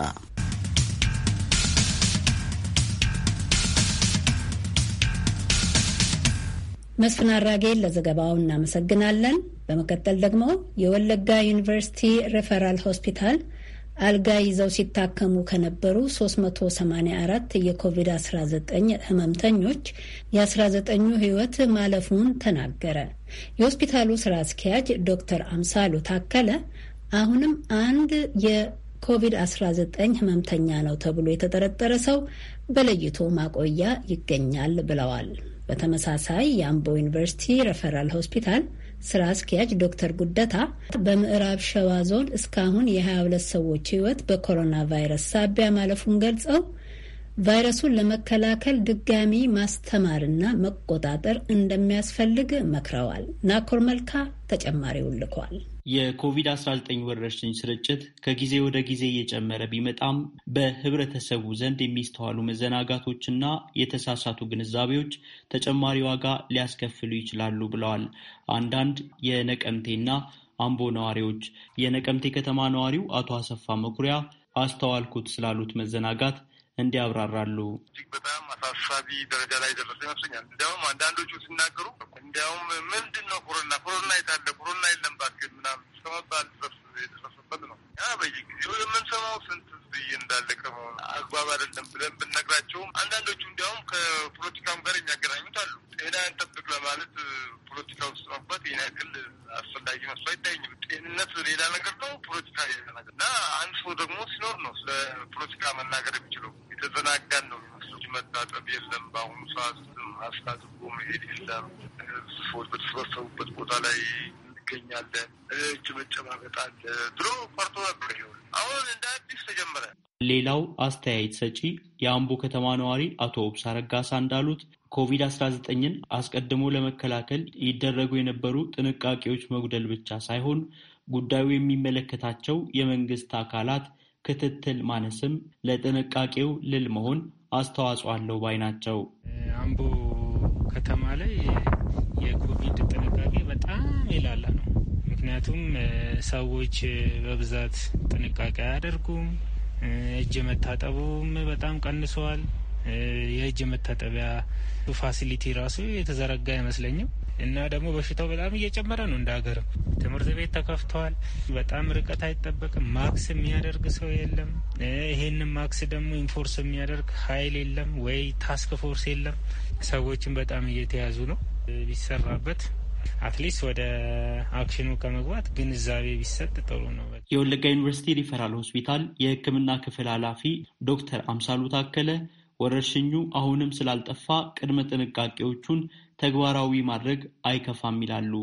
መስፍን አራጌ ለዘገባው እናመሰግናለን። በመቀጠል ደግሞ የወለጋ ዩኒቨርሲቲ ሬፈራል ሆስፒታል አልጋ ይዘው ሲታከሙ ከነበሩ 384 የኮቪድ-19 ህመምተኞች የ19ኙ ህይወት ማለፉን ተናገረ። የሆስፒታሉ ስራ አስኪያጅ ዶክተር አምሳሉ ታከለ አሁንም አንድ የኮቪድ-19 ህመምተኛ ነው ተብሎ የተጠረጠረ ሰው በለይቶ ማቆያ ይገኛል ብለዋል። በተመሳሳይ የአምቦ ዩኒቨርሲቲ ረፈራል ሆስፒታል ስራ አስኪያጅ ዶክተር ጉደታ በምዕራብ ሸዋ ዞን እስካሁን የ22 ሰዎች ህይወት በኮሮና ቫይረስ ሳቢያ ማለፉን ገልጸው ቫይረሱን ለመከላከል ድጋሚ ማስተማርና መቆጣጠር እንደሚያስፈልግ መክረዋል። ናኮር መልካ ተጨማሪውን ልኳል። የኮቪድ-19 ወረርሽኝ ስርጭት ከጊዜ ወደ ጊዜ እየጨመረ ቢመጣም በህብረተሰቡ ዘንድ የሚስተዋሉ መዘናጋቶችና የተሳሳቱ ግንዛቤዎች ተጨማሪ ዋጋ ሊያስከፍሉ ይችላሉ ብለዋል አንዳንድ የነቀምቴና አምቦ ነዋሪዎች። የነቀምቴ ከተማ ነዋሪው አቶ አሰፋ መኩሪያ አስተዋልኩት ስላሉት መዘናጋት እንዲያብራራሉ። እጅግ በጣም አሳሳቢ ደረጃ ላይ ደረሰ ይመስለኛል። እንዲያውም አንዳንዶቹ ሲናገሩ እንዲያውም ምንድን ነው ኮሮና ኮሮና የታለ ኮሮና የለም ባክል ምናምን እስከመባል ድረስ የደረሰበት ነው። እኛ በየጊዜው የምንሰማው ስንት ብዬ እንዳለቀ መሆኑ አግባብ አይደለም ብለን ብንነግራቸውም አንዳንዶቹ እንዲያውም ከፖለቲካም ጋር የሚያገናኙት አሉ። ጤና እንጠብቅ ለማለት ፖለቲካ ውስጥ መግባት ይህን ያክል አስፈላጊ መስሎ አይታየኝም። ጤንነት ሌላ ነገር ነው፣ ፖለቲካ ሌላ ነገር እና አንድ ሰው ደግሞ ሲኖር ነው ስለ ፖለቲካ መናገር የሚችለው። የተዘናጋን ነው የሚመስለው። መታጠብ የለም በአሁኑ ሰዓት አስታጥቦ መሄድ የለም። ሰዎች በተሰበሰቡበት ቦታ ላይ እንገኛለን። እጅ መጨባበጥ አለ። ድሮ ፓርቲ አሁን እንደ አዲስ ተጀመረ። ሌላው አስተያየት ሰጪ የአምቦ ከተማ ነዋሪ አቶ ኦብሳ ረጋሳ እንዳሉት ኮቪድ አስራ ዘጠኝን አስቀድሞ ለመከላከል ይደረጉ የነበሩ ጥንቃቄዎች መጉደል ብቻ ሳይሆን ጉዳዩ የሚመለከታቸው የመንግስት አካላት ክትትል ማነስም ለጥንቃቄው ልል መሆን አስተዋጽኦ አለው ባይ ናቸው። አምቦ ከተማ ላይ የኮቪድ ጥንቃቄ በጣም የላላ ነው። ምክንያቱም ሰዎች በብዛት ጥንቃቄ አያደርጉም። እጅ መታጠቡም በጣም ቀንሰዋል። የእጅ መታጠቢያ ፋሲሊቲ ራሱ የተዘረጋ አይመስለኝም። እና ደግሞ በሽታው በጣም እየጨመረ ነው። እንደ ሀገርም ትምህርት ቤት ተከፍተዋል። በጣም ርቀት አይጠበቅም። ማክስ የሚያደርግ ሰው የለም። ይሄንን ማክስ ደግሞ ኢንፎርስ የሚያደርግ ኃይል የለም ወይ ታስክ ፎርስ የለም። ሰዎችን በጣም እየተያዙ ነው። ቢሰራበት አትሊስት ወደ አክሽኑ ከመግባት ግንዛቤ ቢሰጥ ጥሩ ነው። የወለጋ ዩኒቨርሲቲ ሪፈራል ሆስፒታል የሕክምና ክፍል ኃላፊ ዶክተር አምሳሉ ታከለ ወረርሽኙ አሁንም ስላልጠፋ ቅድመ ጥንቃቄዎቹን ተግባራዊ ማድረግ አይከፋም ይላሉ።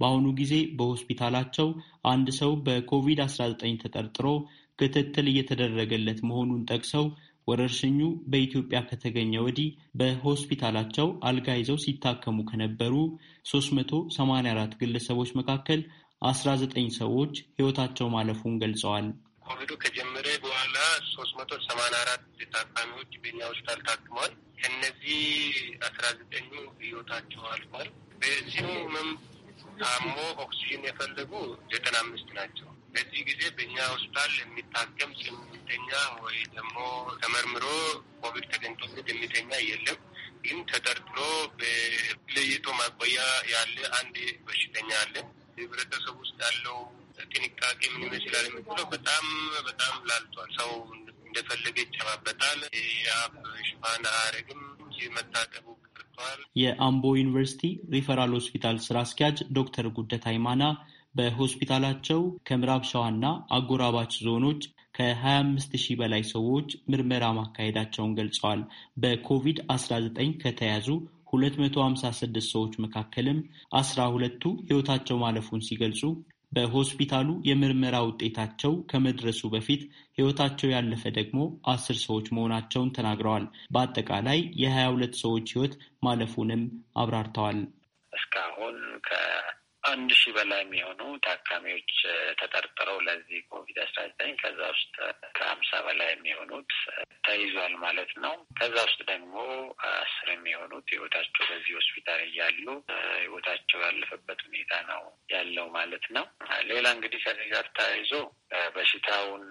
በአሁኑ ጊዜ በሆስፒታላቸው አንድ ሰው በኮቪድ-19 ተጠርጥሮ ክትትል እየተደረገለት መሆኑን ጠቅሰው ወረርሽኙ በኢትዮጵያ ከተገኘ ወዲህ በሆስፒታላቸው አልጋ ይዘው ሲታከሙ ከነበሩ 384 ግለሰቦች መካከል 19 ሰዎች ሕይወታቸው ማለፉን ገልጸዋል። ኮቪዱ ከጀመረ በኋላ ሶስት መቶ ሰማንያ አራት ታካሚዎች በኛ ሆስፒታል ታክመዋል። ከነዚህ አስራ ዘጠኙ ህይወታቸው አልፏል። በዚሁ ህመም ታሞ ኦክሲጅን የፈለጉ ዘጠና አምስት ናቸው። በዚህ ጊዜ በእኛ ሆስፒታል የሚታከም ስምንተኛ ወይ ደግሞ ተመርምሮ ኮቪድ ተገኝቶበት የሚተኛ የለም። ግን ተጠርጥሮ በለይቶ ማቆያ ያለ አንድ በሽተኛ አለ። ህብረተሰብ ውስጥ ያለው ጥንቃቄ ምን ይመስላል የምትለው በጣም በጣም ላልቷል። ሰው እንደፈለገ ይጨባበጣል። የአፍ ሽፋን አያደርግም። መታጠቡ ቀርቷል። የአምቦ ዩኒቨርሲቲ ሪፈራል ሆስፒታል ስራ አስኪያጅ ዶክተር ጉደታ ይማና በሆስፒታላቸው ከምዕራብ ሸዋና አጎራባች ዞኖች ከ25 ሺህ በላይ ሰዎች ምርመራ ማካሄዳቸውን ገልጸዋል። በኮቪድ-19 ከተያዙ 256 ሰዎች መካከልም አስራ ሁለቱ ሕይወታቸው ማለፉን ሲገልጹ በሆስፒታሉ የምርመራ ውጤታቸው ከመድረሱ በፊት ሕይወታቸው ያለፈ ደግሞ አስር ሰዎች መሆናቸውን ተናግረዋል። በአጠቃላይ የ22 ሰዎች ሕይወት ማለፉንም አብራርተዋል። እስካሁን አንድ ሺህ በላይ የሚሆኑ ታካሚዎች ተጠርጥረው ለዚህ ኮቪድ አስራ ዘጠኝ ከዛ ውስጥ ከሀምሳ በላይ የሚሆኑት ተይዟል ማለት ነው። ከዛ ውስጥ ደግሞ አስር የሚሆኑት ህይወታቸው በዚህ ሆስፒታል እያሉ ህይወታቸው ያለፈበት ሁኔታ ነው ያለው ማለት ነው። ሌላ እንግዲህ ከዚህ ጋር ተያይዞ በሽታውን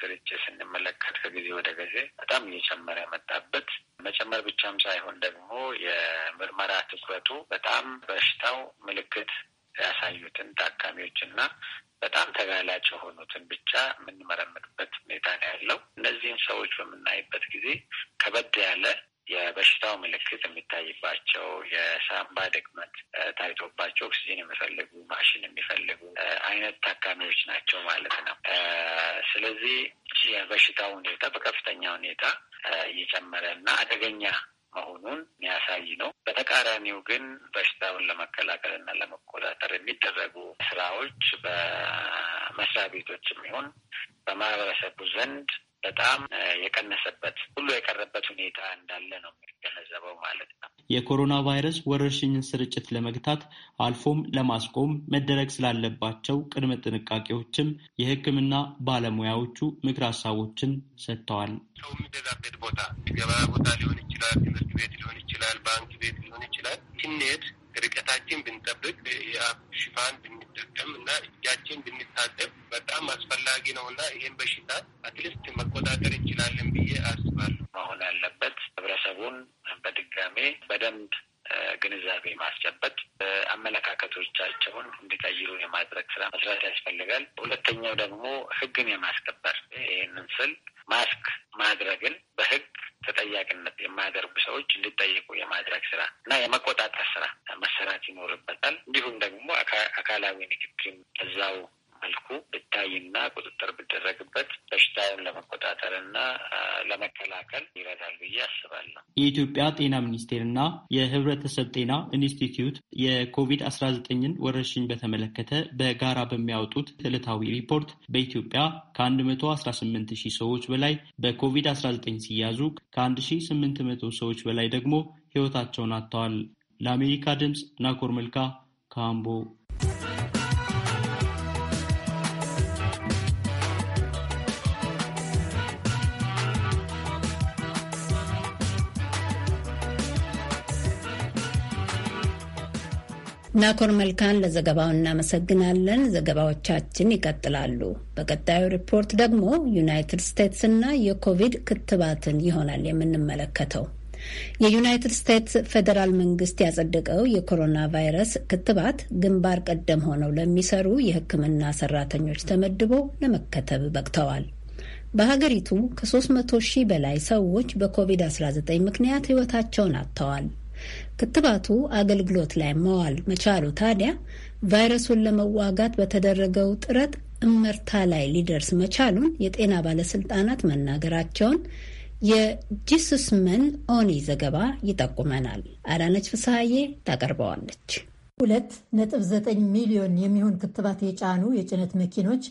ስርጭት ስንመለከት ከጊዜ ወደ ጊዜ በጣም እየጨመረ የመጣበት መጨመር ብቻም ሳይሆን ደግሞ የምርመራ ትኩረቱ በጣም በሽታው ምልክት ያሳዩትን ታካሚዎች እና በጣም ተጋላጭ የሆኑትን ብቻ የምንመረምርበት ሁኔታ ነው ያለው። እነዚህን ሰዎች በምናይበት ጊዜ ከበድ ያለ የበሽታው ምልክት የሚታይባቸው የሳምባ ድክመት ታይቶባቸው ኦክሲጂን የሚፈልጉ ማሽን የሚፈልጉ አይነት ታካሚዎች ናቸው ማለት ነው። ስለዚህ የበሽታው ሁኔታ በከፍተኛ ሁኔታ እየጨመረ እና አደገኛ መሆኑን የሚያሳይ ነው። በተቃራኒው ግን በሽታውን ለመከላከል እና ለመቆጣጠር የሚደረጉ ስራዎች በመስሪያ ቤቶች የሚሆን በማህበረሰቡ ዘንድ በጣም የቀነሰበት ሁሉ የቀረበት ሁኔታ እንዳለ ነው። የታዘበው ማለት ነው። የኮሮና ቫይረስ ወረርሽኝን ስርጭት ለመግታት አልፎም ለማስቆም መደረግ ስላለባቸው ቅድመ ጥንቃቄዎችም የሕክምና ባለሙያዎቹ ምክር ሀሳቦችን ሰጥተዋል። ሰው የሚገዛበት ቦታ የገበያ ቦታ ሊሆን ይችላል፣ ትምህርት ቤት ሊሆን ይችላል፣ ባንክ ቤት ሊሆን ይችላል ስንሄድ ርቀታችን ብንጠብቅ የአፍ ሽፋን ብንጠቀም እና እጃችን ብንታጠብ በጣም አስፈላጊ ነው እና ይህን በሽታ አትሊስት መቆጣጠር እንችላለን ብዬ አስባለሁ። መሆን ያለበት ህብረተሰቡን በድጋሜ በደንብ ግንዛቤ ማስጨበጥ፣ አመለካከቶቻቸውን እንዲቀይሩ የማድረግ ስራ መስራት ያስፈልጋል። ሁለተኛው ደግሞ ህግን የማስከበር ይህንን ስል ማስክ ማድረግን በህግ ተጠያቂነት የማያደርጉ ሰዎች እንዲጠየቁ የማድረግ ስራ እና የመቆጣጠር ስራ መሰራት ይኖርበታል። እንዲሁም ደግሞ አካላዊ ንክኪም እዛው መልኩ ብታይና ቁጥጥር ብደረግበት በሽታውን ለመቆጣጠር ለመከላከል ይረዳል ብዬ አስባለሁ። የኢትዮጵያ ጤና ሚኒስቴር የህብረተሰብ ጤና ኢንስቲትዩት የኮቪድ አስራ ዘጠኝን ወረርሽኝ በተመለከተ በጋራ በሚያወጡት ዕለታዊ ሪፖርት በኢትዮጵያ ከአንድ መቶ አስራ ስምንት ሺህ ሰዎች በላይ በኮቪድ አስራ ዘጠኝ ሲያዙ ከአንድ ሺህ ስምንት መቶ ሰዎች በላይ ደግሞ ህይወታቸውን አጥተዋል። ለአሜሪካ ድምፅ ናኮር መልካ ካምቦ ናኮር መልካን ለዘገባው እናመሰግናለን። ዘገባዎቻችን ይቀጥላሉ። በቀጣዩ ሪፖርት ደግሞ ዩናይትድ ስቴትስ እና የኮቪድ ክትባትን ይሆናል የምንመለከተው። የዩናይትድ ስቴትስ ፌዴራል መንግስት ያጸደቀው የኮሮና ቫይረስ ክትባት ግንባር ቀደም ሆነው ለሚሰሩ የሕክምና ሰራተኞች ተመድቦ ለመከተብ በቅተዋል። በሀገሪቱ ከ300 ሺህ በላይ ሰዎች በኮቪድ-19 ምክንያት ሕይወታቸውን አጥተዋል። ክትባቱ አገልግሎት ላይ መዋል መቻሉ ታዲያ ቫይረሱን ለመዋጋት በተደረገው ጥረት እመርታ ላይ ሊደርስ መቻሉን የጤና ባለስልጣናት መናገራቸውን የጂሱስመን ኦኒ ዘገባ ይጠቁመናል። አዳነች ፍስሐዬ ታቀርበዋለች። ሁለት ነጥብ ዘጠኝ ሚሊዮን የሚሆን ክትባት የጫኑ የጭነት መኪኖች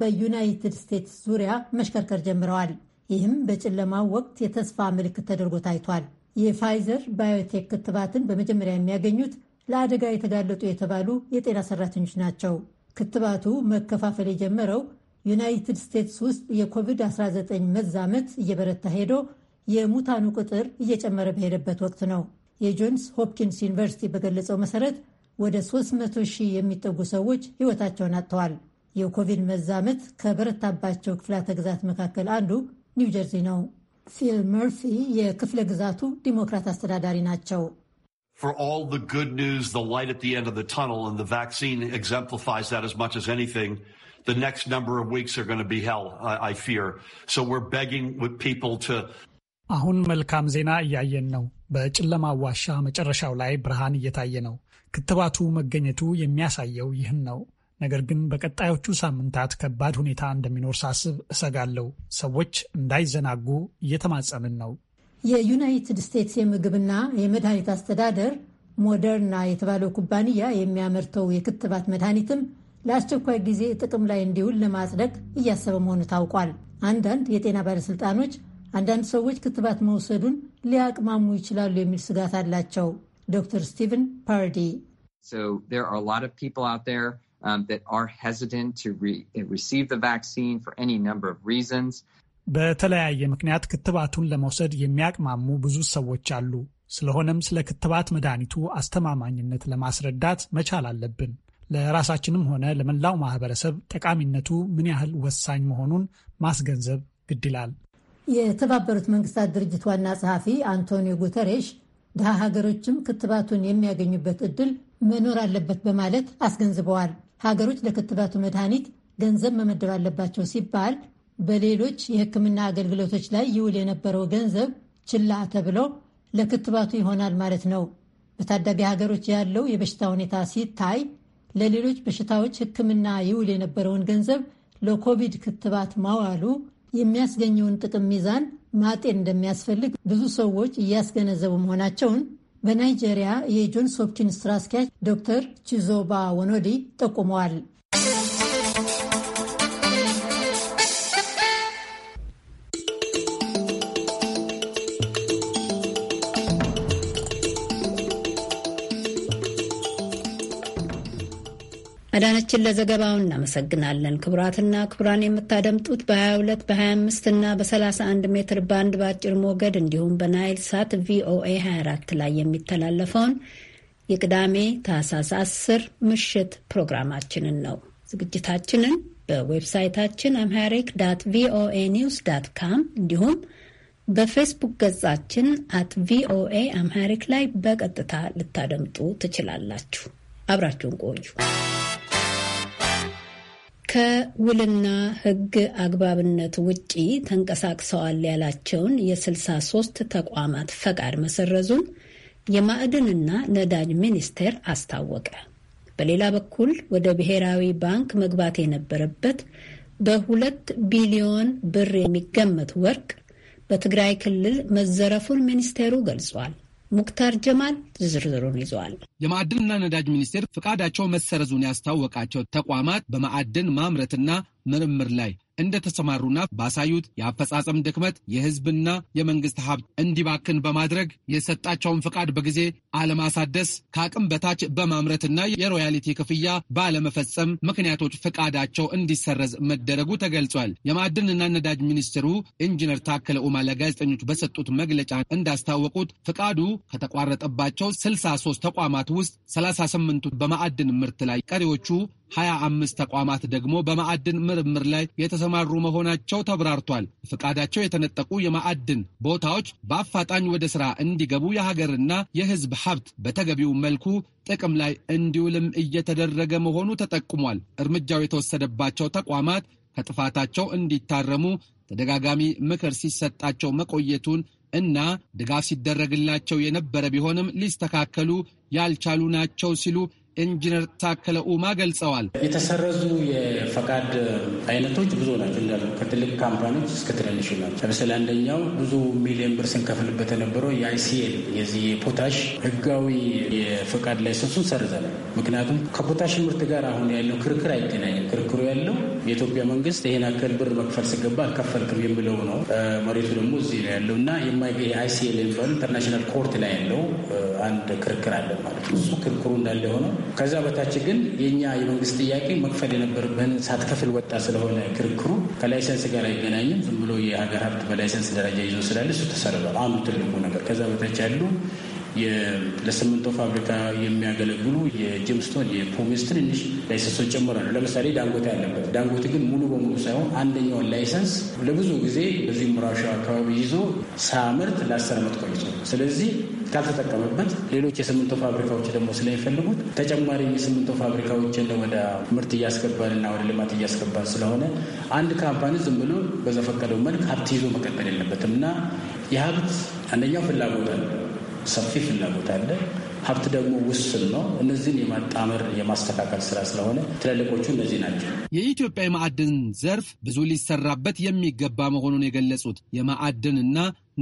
በዩናይትድ ስቴትስ ዙሪያ መሽከርከር ጀምረዋል። ይህም በጨለማው ወቅት የተስፋ ምልክት ተደርጎ ታይቷል። የፋይዘር ባዮቴክ ክትባትን በመጀመሪያ የሚያገኙት ለአደጋ የተጋለጡ የተባሉ የጤና ሰራተኞች ናቸው። ክትባቱ መከፋፈል የጀመረው ዩናይትድ ስቴትስ ውስጥ የኮቪድ-19 መዛመት እየበረታ ሄዶ የሙታኑ ቁጥር እየጨመረ በሄደበት ወቅት ነው። የጆንስ ሆፕኪንስ ዩኒቨርሲቲ በገለጸው መሰረት ወደ 300 ሺህ የሚጠጉ ሰዎች ሕይወታቸውን አጥተዋል። የኮቪድ መዛመት ከበረታባቸው ክፍላተ ግዛት መካከል አንዱ ኒውጀርሲ ነው። ፊል መርፊ የክፍለ ግዛቱ ዲሞክራት አስተዳዳሪ ናቸው። አሁን መልካም ዜና እያየን ነው። በጨለማ ዋሻ መጨረሻው ላይ ብርሃን እየታየ ነው። ክትባቱ መገኘቱ የሚያሳየው ይህን ነው። ነገር ግን በቀጣዮቹ ሳምንታት ከባድ ሁኔታ እንደሚኖር ሳስብ እሰጋለሁ። ሰዎች እንዳይዘናጉ እየተማጸንን ነው። የዩናይትድ ስቴትስ የምግብና የመድኃኒት አስተዳደር ሞደርና የተባለው ኩባንያ የሚያመርተው የክትባት መድኃኒትም ለአስቸኳይ ጊዜ ጥቅም ላይ እንዲውል ለማጽደቅ እያሰበ መሆኑ ታውቋል። አንዳንድ የጤና ባለስልጣኖች አንዳንድ ሰዎች ክትባት መውሰዱን ሊያቅማሙ ይችላሉ የሚል ስጋት አላቸው። ዶክተር ስቲቨን ፓርዲ Um, that are hesitant to re receive the vaccine for any number of reasons. በተለያየ ምክንያት ክትባቱን ለመውሰድ የሚያቅማሙ ብዙ ሰዎች አሉ። ስለሆነም ስለ ክትባት መድኃኒቱ አስተማማኝነት ለማስረዳት መቻል አለብን። ለራሳችንም ሆነ ለመላው ማህበረሰብ ጠቃሚነቱ ምን ያህል ወሳኝ መሆኑን ማስገንዘብ ግድ ይላል። የተባበሩት መንግስታት ድርጅት ዋና ጸሐፊ አንቶኒዮ ጉተሬሽ ድሃ ሀገሮችም ክትባቱን የሚያገኙበት እድል መኖር አለበት በማለት አስገንዝበዋል። ሀገሮች ለክትባቱ መድኃኒት ገንዘብ መመደብ አለባቸው ሲባል በሌሎች የሕክምና አገልግሎቶች ላይ ይውል የነበረው ገንዘብ ችላ ተብሎ ለክትባቱ ይሆናል ማለት ነው። በታዳጊ ሀገሮች ያለው የበሽታ ሁኔታ ሲታይ ለሌሎች በሽታዎች ሕክምና ይውል የነበረውን ገንዘብ ለኮቪድ ክትባት ማዋሉ የሚያስገኘውን ጥቅም ሚዛን ማጤን እንደሚያስፈልግ ብዙ ሰዎች እያስገነዘቡ መሆናቸውን በናይጄሪያ የጆንስ ሆፕኪንስ ስራ አስኪያጅ ዶክተር ቺዞባ ወኖዲ ጠቁመዋል። አዳነችን ለዘገባው እናመሰግናለን። ክቡራትና ክቡራን የምታደምጡት በ22 በ25 እና በ31 ሜትር ባንድ በአጭር ሞገድ እንዲሁም በናይል ሳት ቪኦኤ 24 ላይ የሚተላለፈውን የቅዳሜ ታህሳስ 10 ምሽት ፕሮግራማችንን ነው። ዝግጅታችንን በዌብሳይታችን አምሃሪክ ዳት ቪኦኤ ኒውስ ዳት ካም እንዲሁም በፌስቡክ ገጻችን አት ቪኦኤ አምሃሪክ ላይ በቀጥታ ልታደምጡ ትችላላችሁ። አብራችሁን ቆዩ። ከውልና ሕግ አግባብነት ውጪ ተንቀሳቅሰዋል ያላቸውን የ63 ተቋማት ፈቃድ መሰረዙን የማዕድንና ነዳጅ ሚኒስቴር አስታወቀ። በሌላ በኩል ወደ ብሔራዊ ባንክ መግባት የነበረበት በሁለት ቢሊዮን ብር የሚገመት ወርቅ በትግራይ ክልል መዘረፉን ሚኒስቴሩ ገልጿል። ሙክታር ጀማል ዝርዝሩን ይዘዋል። የማዕድንና ነዳጅ ሚኒስቴር ፈቃዳቸው መሰረዙን ያስታወቃቸው ተቋማት በማዕድን ማምረትና ምርምር ላይ እንደተሰማሩና ባሳዩት የአፈጻጸም ድክመት የህዝብና የመንግስት ሀብት እንዲባክን በማድረግ የሰጣቸውን ፍቃድ በጊዜ አለማሳደስ፣ ከአቅም በታች በማምረትና የሮያሊቲ ክፍያ ባለመፈጸም ምክንያቶች ፍቃዳቸው እንዲሰረዝ መደረጉ ተገልጿል። የማዕድንና ነዳጅ ሚኒስትሩ ኢንጂነር ታከለ ኡማ ለጋዜጠኞች በሰጡት መግለጫ እንዳስታወቁት ፍቃዱ ከተቋረጠባቸው 63 ተቋማት ውስጥ 38ቱ በማዕድን ምርት ላይ ቀሪዎቹ ሀያ አምስት ተቋማት ደግሞ በማዕድን ምርምር ላይ የተሰማሩ መሆናቸው ተብራርቷል። ፈቃዳቸው የተነጠቁ የማዕድን ቦታዎች በአፋጣኝ ወደ ሥራ እንዲገቡ የሀገርና የሕዝብ ሀብት በተገቢው መልኩ ጥቅም ላይ እንዲውልም እየተደረገ መሆኑ ተጠቁሟል። እርምጃው የተወሰደባቸው ተቋማት ከጥፋታቸው እንዲታረሙ ተደጋጋሚ ምክር ሲሰጣቸው መቆየቱን እና ድጋፍ ሲደረግላቸው የነበረ ቢሆንም ሊስተካከሉ ያልቻሉ ናቸው ሲሉ ኢንጂነር ታከለ ኡማ ገልጸዋል። የተሰረዙ የፈቃድ አይነቶች ብዙ ናቸው። ከትልቅ ካምፓኒዎች እስከ ትንንሽ ናቸው። ለምሳሌ አንደኛው ብዙ ሚሊዮን ብር ስንከፍልበት የነበረው የአይሲኤል የዚህ የፖታሽ ህጋዊ የፈቃድ ላይሰንሱን ሰርዘናል። ምክንያቱም ከፖታሽ ምርት ጋር አሁን ያለው ክርክር አይገናኝም። ክርክሩ ያለው የኢትዮጵያ መንግስት ይህን አክል ብር መክፈል ሲገባ አልከፈልክም የሚለው ነው። መሬቱ ደግሞ እዚህ ነው ያለው እና የአይሲኤል የሚባሉ ኢንተርናሽናል ኮርት ላይ ያለው አንድ ክርክር አለ ማለት ነው። እሱ ክርክሩ እንዳለ የሆነው ከዛ በታች ግን የእኛ የመንግስት ጥያቄ መክፈል የነበረብህን ሳትከፍል ወጣ ስለሆነ ክርክሩ ከላይሰንስ ጋር አይገናኝም። ዝም ብሎ የሀገር ሀብት በላይሰንስ ደረጃ ይዞ ስላለ እሱ ተሰርዟል። አንዱ ትልቁ ነገር ከዛ በታች ያሉ ለስምንቶ ፋብሪካ የሚያገለግሉ የጅምስቶን የፖሚስ ትንንሽ ላይሰንሶች ጨምሮ ነው። ለምሳሌ ዳንጎቴ አለበት። ዳንጎቴ ግን ሙሉ በሙሉ ሳይሆን አንደኛውን ላይሰንስ ለብዙ ጊዜ በዚህ ምራሻ አካባቢ ይዞ ሳምርት ለአስር ዓመት ቆይቶ ስለዚህ ካልተጠቀመበት ሌሎች የስምንቶ ፋብሪካዎች ደግሞ ስለሚፈልጉት ተጨማሪ የስምንቶ ፋብሪካዎችን ወደ ምርት እያስገባንና ወደ ልማት እያስገባን ስለሆነ አንድ ካምፓኒ ዝም ብሎ በዘፈቀደው መልክ ሀብት ይዞ መቀጠል የለበትም እና የሀብት አንደኛው ፍላጎት አለ ሰፊ ፍላጎት አለ። ሀብት ደግሞ ውስን ነው። እነዚህን የማጣመር የማስተካከል ስራ ስለሆነ ትላልቆቹ እነዚህ ናቸው። የኢትዮጵያ የማዕድን ዘርፍ ብዙ ሊሰራበት የሚገባ መሆኑን የገለጹት የማዕድንና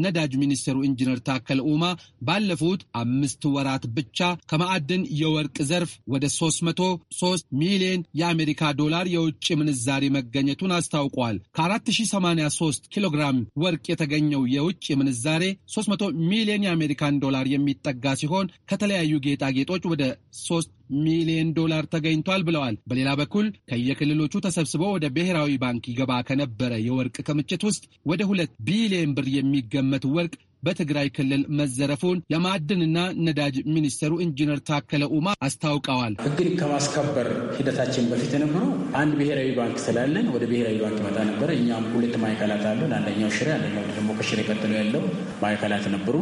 ነዳጅ ሚኒስትሩ ኢንጂነር ታከለ ኡማ ባለፉት አምስት ወራት ብቻ ከማዕድን የወርቅ ዘርፍ ወደ 303 ሚሊዮን የአሜሪካ ዶላር የውጭ ምንዛሬ መገኘቱን አስታውቋል። ከ4083 ኪሎ ግራም ወርቅ የተገኘው የውጭ ምንዛሬ 300 ሚሊዮን የአሜሪካን ዶላር የሚጠጋ ሲሆን ከተለያዩ ጌጣጌጦች ወደ 3 ሚሊዮን ዶላር ተገኝቷል ብለዋል። በሌላ በኩል ከየክልሎቹ ተሰብስቦ ወደ ብሔራዊ ባንክ ይገባ ከነበረ የወርቅ ክምችት ውስጥ ወደ ሁለት ቢሊዮን ብር የሚገመት ወርቅ በትግራይ ክልል መዘረፉን የማዕድንና ነዳጅ ሚኒስትሩ ኢንጂነር ታከለ ኡማ አስታውቀዋል። ሕግን ከማስከበር ሂደታችን በፊት የነበረው አንድ ብሔራዊ ባንክ ስላለን ወደ ብሔራዊ ባንክ ይመጣ ነበረ። እኛም ሁለት ማዕከላት አሉን። አንደኛው ሽሬ፣ አንደኛው ደግሞ ከሽሬ ቀጥሎ ያለው ማዕከላት ነበሩ።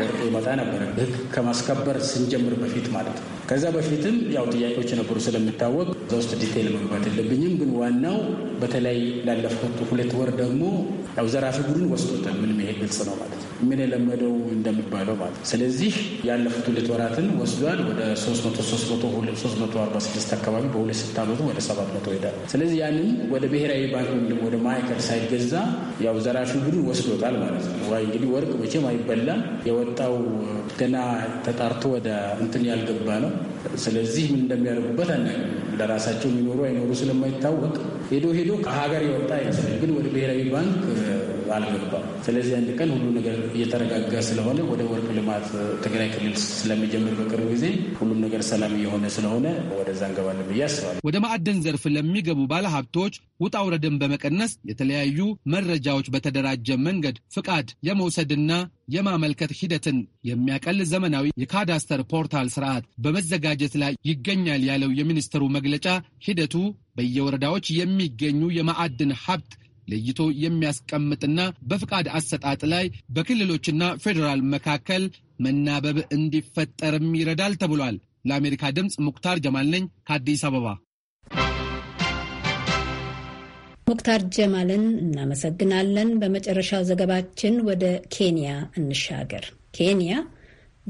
ወርቆ ይመጣ ነበረ። ህግ ከማስከበር ስንጀምር በፊት ማለት ነው። ከዛ በፊትም ያው ጥያቄዎች ነበሩ ስለሚታወቅ እዛ ውስጥ ዲቴል መግባት የለብኝም። ግን ዋናው በተለይ ላለፉት ሁለት ወር ደግሞ ያው ዘራፊ ቡድን ወስዶታል። ምንም ይሄ ግልጽ ነው ማለት ምን የለመደው እንደሚባለው ማለት ነው። ስለዚህ ያለፉት ሁለት ወራትን ወስዷል። ወደ 346 አካባቢ በሁለት ስት ዓመቱ ወደ 700 ሄዳል። ስለዚህ ያንን ወደ ብሔራዊ ባንክ ወይም ወደ ማዕከል ሳይገዛ ያው ዘራሹ ቡድን ወስዶታል ማለት ነው። ዋይ እንግዲህ ወርቅ መቼም አይበላም። የወጣው ገና ተጣርቶ ወደ እንትን ያልገባ ነው። ስለዚህ ምን እንደሚያደርጉበት አናውቅም። ለራሳቸው የሚኖሩ አይኖሩ ስለማይታወቅ ሄዶ ሄዶ ከሀገር የወጣ አይመስለኝ፣ ግን ወደ ብሔራዊ ባንክ አልገባም። ስለዚህ አንድ ቀን ሁሉ ነገር እየተረጋጋ ስለሆነ ወደ ወርቅ ልማት ትግራይ ክልል ስለሚጀምር በቅርብ ጊዜ ሁሉም ነገር ሰላም እየሆነ ስለሆነ ወደዛ እንገባለን ብዬ አስባለሁ። ወደ ማዕደን ዘርፍ ለሚገቡ ባለሀብቶች ውጣ ውረድን በመቀነስ የተለያዩ መረጃዎች በተደራጀ መንገድ ፍቃድ የመውሰድና የማመልከት ሂደትን የሚያቀል ዘመናዊ የካዳስተር ፖርታል ስርዓት በመዘጋጀት ላይ ይገኛል ያለው የሚኒስትሩ መግለጫ ሂደቱ በየወረዳዎች የሚገኙ የማዕድን ሀብት ለይቶ የሚያስቀምጥና በፍቃድ አሰጣጥ ላይ በክልሎችና ፌዴራል መካከል መናበብ እንዲፈጠርም ይረዳል ተብሏል። ለአሜሪካ ድምፅ ሙክታር ጀማል ነኝ ከአዲስ አበባ። ሙክታር ጀማልን እናመሰግናለን። በመጨረሻው ዘገባችን ወደ ኬንያ እንሻገር። ኬንያ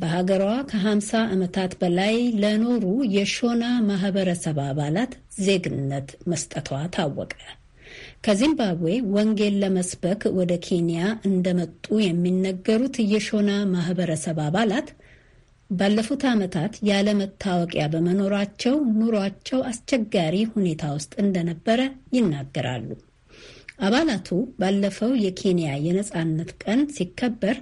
በሀገሯ ከ50 ዓመታት በላይ ለኖሩ የሾና ማህበረሰብ አባላት ዜግነት መስጠቷ ታወቀ። ከዚምባብዌ ወንጌል ለመስበክ ወደ ኬንያ እንደመጡ የሚነገሩት የሾና ማህበረሰብ አባላት ባለፉት ዓመታት ያለ መታወቂያ በመኖራቸው ኑሯቸው አስቸጋሪ ሁኔታ ውስጥ እንደነበረ ይናገራሉ። አባላቱ ባለፈው የኬንያ የነጻነት ቀን ሲከበር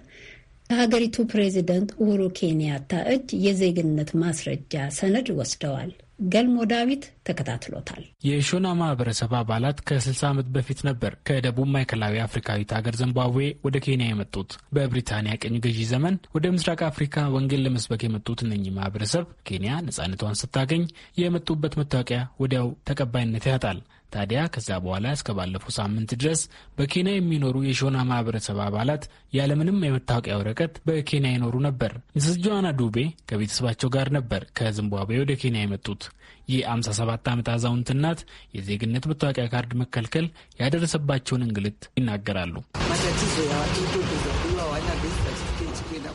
ከሀገሪቱ ፕሬዚደንት ኡሁሩ ኬንያታ እጅ የዜግነት ማስረጃ ሰነድ ወስደዋል። ገልሞ ዳዊት ተከታትሎታል። የሾና ማህበረሰብ አባላት ከ60 ዓመት በፊት ነበር ከደቡብ ማዕከላዊ አፍሪካዊት ሀገር ዘምባብዌ ወደ ኬንያ የመጡት። በብሪታንያ ቅኝ ገዢ ዘመን ወደ ምስራቅ አፍሪካ ወንጌል ለመስበክ የመጡት እነኚህ ማህበረሰብ ኬንያ ነፃነቷን ስታገኝ የመጡበት መታወቂያ ወዲያው ተቀባይነት ያጣል። ታዲያ ከዛ በኋላ እስከ ባለፈው ሳምንት ድረስ በኬንያ የሚኖሩ የሾና ማህበረሰብ አባላት ያለምንም የመታወቂያ ወረቀት በኬንያ ይኖሩ ነበር። ምስስ ጆዋና ዱቤ ከቤተሰባቸው ጋር ነበር ከዚምባብዌ ወደ ኬንያ የመጡት ይህ የ57 ዓመት አዛውንት እናት የዜግነት መታወቂያ ካርድ መከልከል ያደረሰባቸውን እንግልት ይናገራሉ።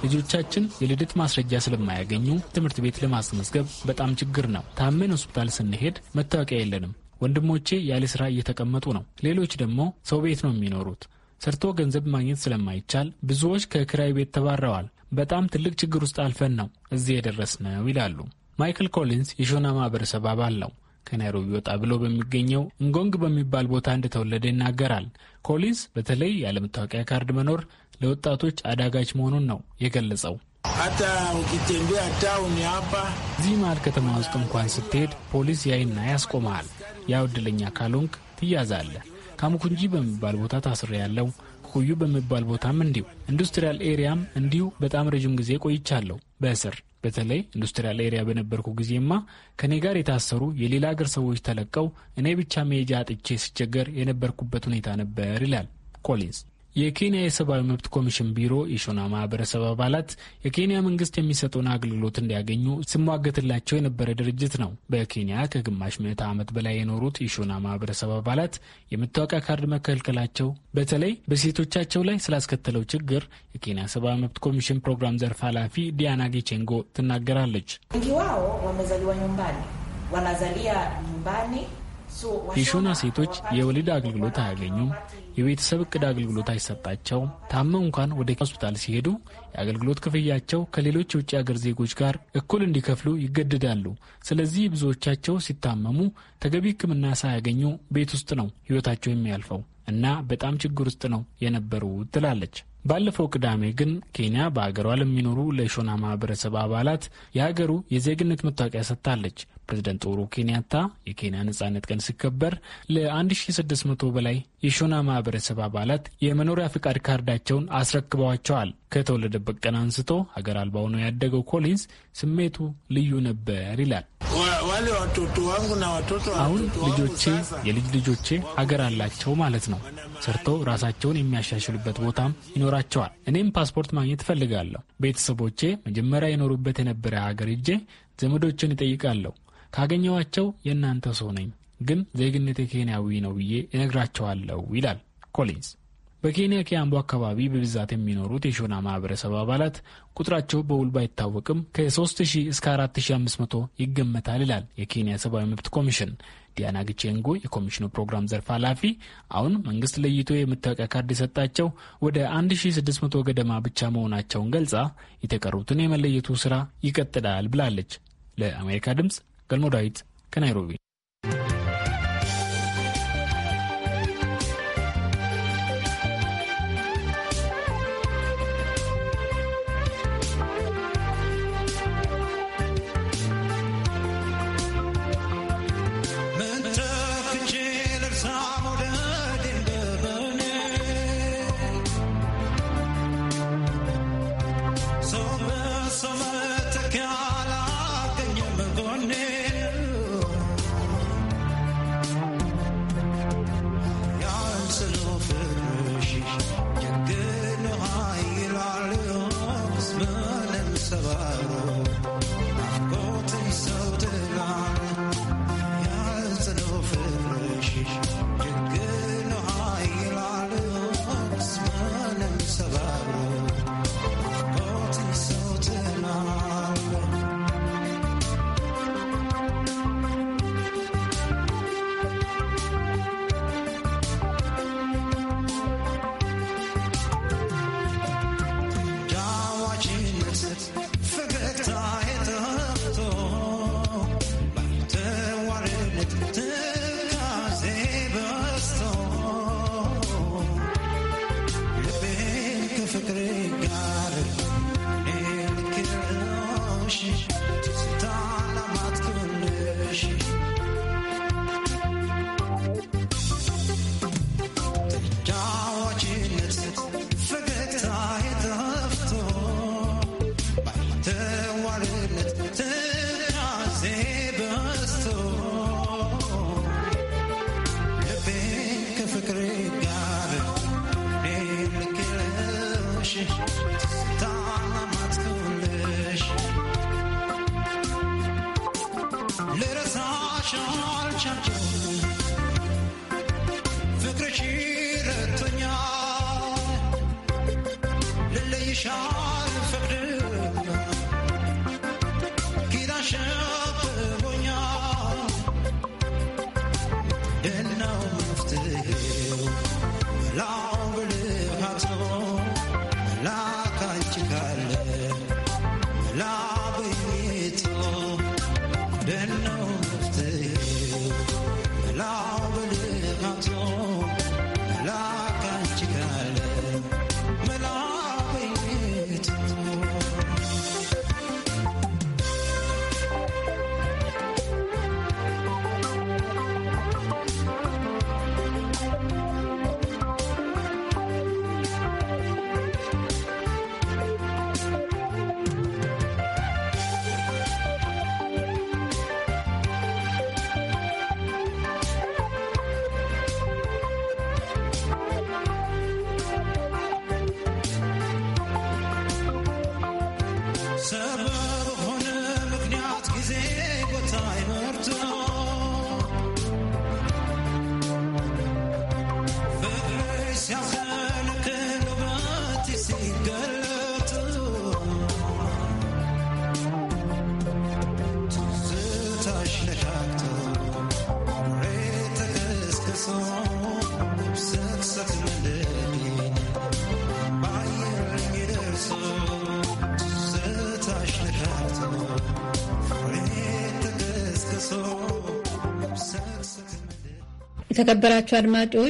ልጆቻችን የልደት ማስረጃ ስለማያገኙ ትምህርት ቤት ለማስመዝገብ በጣም ችግር ነው። ታመን ሆስፒታል ስንሄድ መታወቂያ የለንም ወንድሞቼ ያለ ስራ እየተቀመጡ ነው። ሌሎች ደግሞ ሰው ቤት ነው የሚኖሩት። ሰርቶ ገንዘብ ማግኘት ስለማይቻል ብዙዎች ከክራይ ቤት ተባረዋል። በጣም ትልቅ ችግር ውስጥ አልፈን ነው እዚህ የደረስነው ይላሉ። ማይክል ኮሊንስ የሾና ማህበረሰብ አባል ነው። ከናይሮቢ ወጣ ብሎ በሚገኘው እንጎንግ በሚባል ቦታ እንደተወለደ ይናገራል። ኮሊንስ በተለይ ያለ መታወቂያ ካርድ መኖር ለወጣቶች አዳጋች መሆኑን ነው የገለጸው። እዚህ መሀል ከተማ ውስጥ እንኳን ስትሄድ ፖሊስ ያይና ያስቆመሃል። ያው እድለኛ ካልሆንክ ትያዛለህ። ካሙኩንጂ በሚባል ቦታ ታስሬ ያለው ኩዩ በሚባል ቦታም እንዲሁ ኢንዱስትሪያል ኤሪያም እንዲሁ በጣም ረዥም ጊዜ ቆይቻለሁ በእስር በተለይ ኢንዱስትሪያል ኤሪያ በነበርኩ ጊዜማ ከኔ ጋር የታሰሩ የሌላ አገር ሰዎች ተለቀው እኔ ብቻ መሄጃ አጥቼ ስቸገር የነበርኩበት ሁኔታ ነበር ይላል ኮሊንስ። የኬንያ የሰብአዊ መብት ኮሚሽን ቢሮ የሾና ማህበረሰብ አባላት የኬንያ መንግስት የሚሰጠውን አገልግሎት እንዲያገኙ ስሟገትላቸው የነበረ ድርጅት ነው። በኬንያ ከግማሽ ምዕተ ዓመት በላይ የኖሩት የሾና ማህበረሰብ አባላት የመታወቂያ ካርድ መከልከላቸው በተለይ በሴቶቻቸው ላይ ስላስከተለው ችግር የኬንያ ሰብአዊ መብት ኮሚሽን ፕሮግራም ዘርፍ ኃላፊ ዲያና ጌቼንጎ ትናገራለች። የሾና ሴቶች የወሊድ አገልግሎት አያገኙም። የቤተሰብ እቅድ አገልግሎት አይሰጣቸው ታመው እንኳን ወደ ሆስፒታል ሲሄዱ የአገልግሎት ክፍያቸው ከሌሎች የውጭ ሀገር ዜጎች ጋር እኩል እንዲከፍሉ ይገደዳሉ። ስለዚህ ብዙዎቻቸው ሲታመሙ ተገቢ ሕክምና ሳያገኙ ቤት ውስጥ ነው ሕይወታቸው የሚያልፈው እና በጣም ችግር ውስጥ ነው የነበሩ ትላለች። ባለፈው ቅዳሜ ግን ኬንያ በሀገሯ ለሚኖሩ ለሾና ማህበረሰብ አባላት የሀገሩ የዜግነት መታወቂያ ሰጥታለች። ፕሬዚደንት ኡሁሩ ኬንያታ የኬንያ ነጻነት ቀን ሲከበር ለ1600 በላይ የሾና ማህበረሰብ አባላት የመኖሪያ ፍቃድ ካርዳቸውን አስረክበዋቸዋል። ከተወለደበት ቀን አንስቶ ሀገር አልባ ሆኖ ያደገው ኮሊንስ ስሜቱ ልዩ ነበር ይላል። አሁን ልጆቼ፣ የልጅ ልጆቼ ሀገር አላቸው ማለት ነው። ሰርቶ ራሳቸውን የሚያሻሽሉበት ቦታም ይኖራቸዋል። እኔም ፓስፖርት ማግኘት እፈልጋለሁ። ቤተሰቦቼ መጀመሪያ የኖሩበት የነበረ ሀገር ሄጄ ዘመዶችን ይጠይቃለሁ። ካገኘዋቸው የእናንተ ሰው ነኝ፣ ግን ዜግነቴ ኬንያዊ ነው ብዬ እነግራቸዋለሁ ይላል ኮሊንስ። በኬንያ ኪያምቦ አካባቢ በብዛት የሚኖሩት የሾና ማህበረሰብ አባላት ቁጥራቸው በውል ባይታወቅም ከ3000 እስከ 4500 ይገመታል ይላል የኬንያ ሰብአዊ መብት ኮሚሽን። ዲያና ግቼንጎ የኮሚሽኑ ፕሮግራም ዘርፍ ኃላፊ፣ አሁን መንግስት ለይቶ የመታወቂያ ካርድ የሰጣቸው ወደ 1600 ገደማ ብቻ መሆናቸውን ገልጻ የተቀሩትን የመለየቱ ስራ ይቀጥላል ብላለች። ለአሜሪካ ድምፅ ገልሞ ዳዊት ከናይሮቢ chal chal chal የተከበራቸው አድማጮች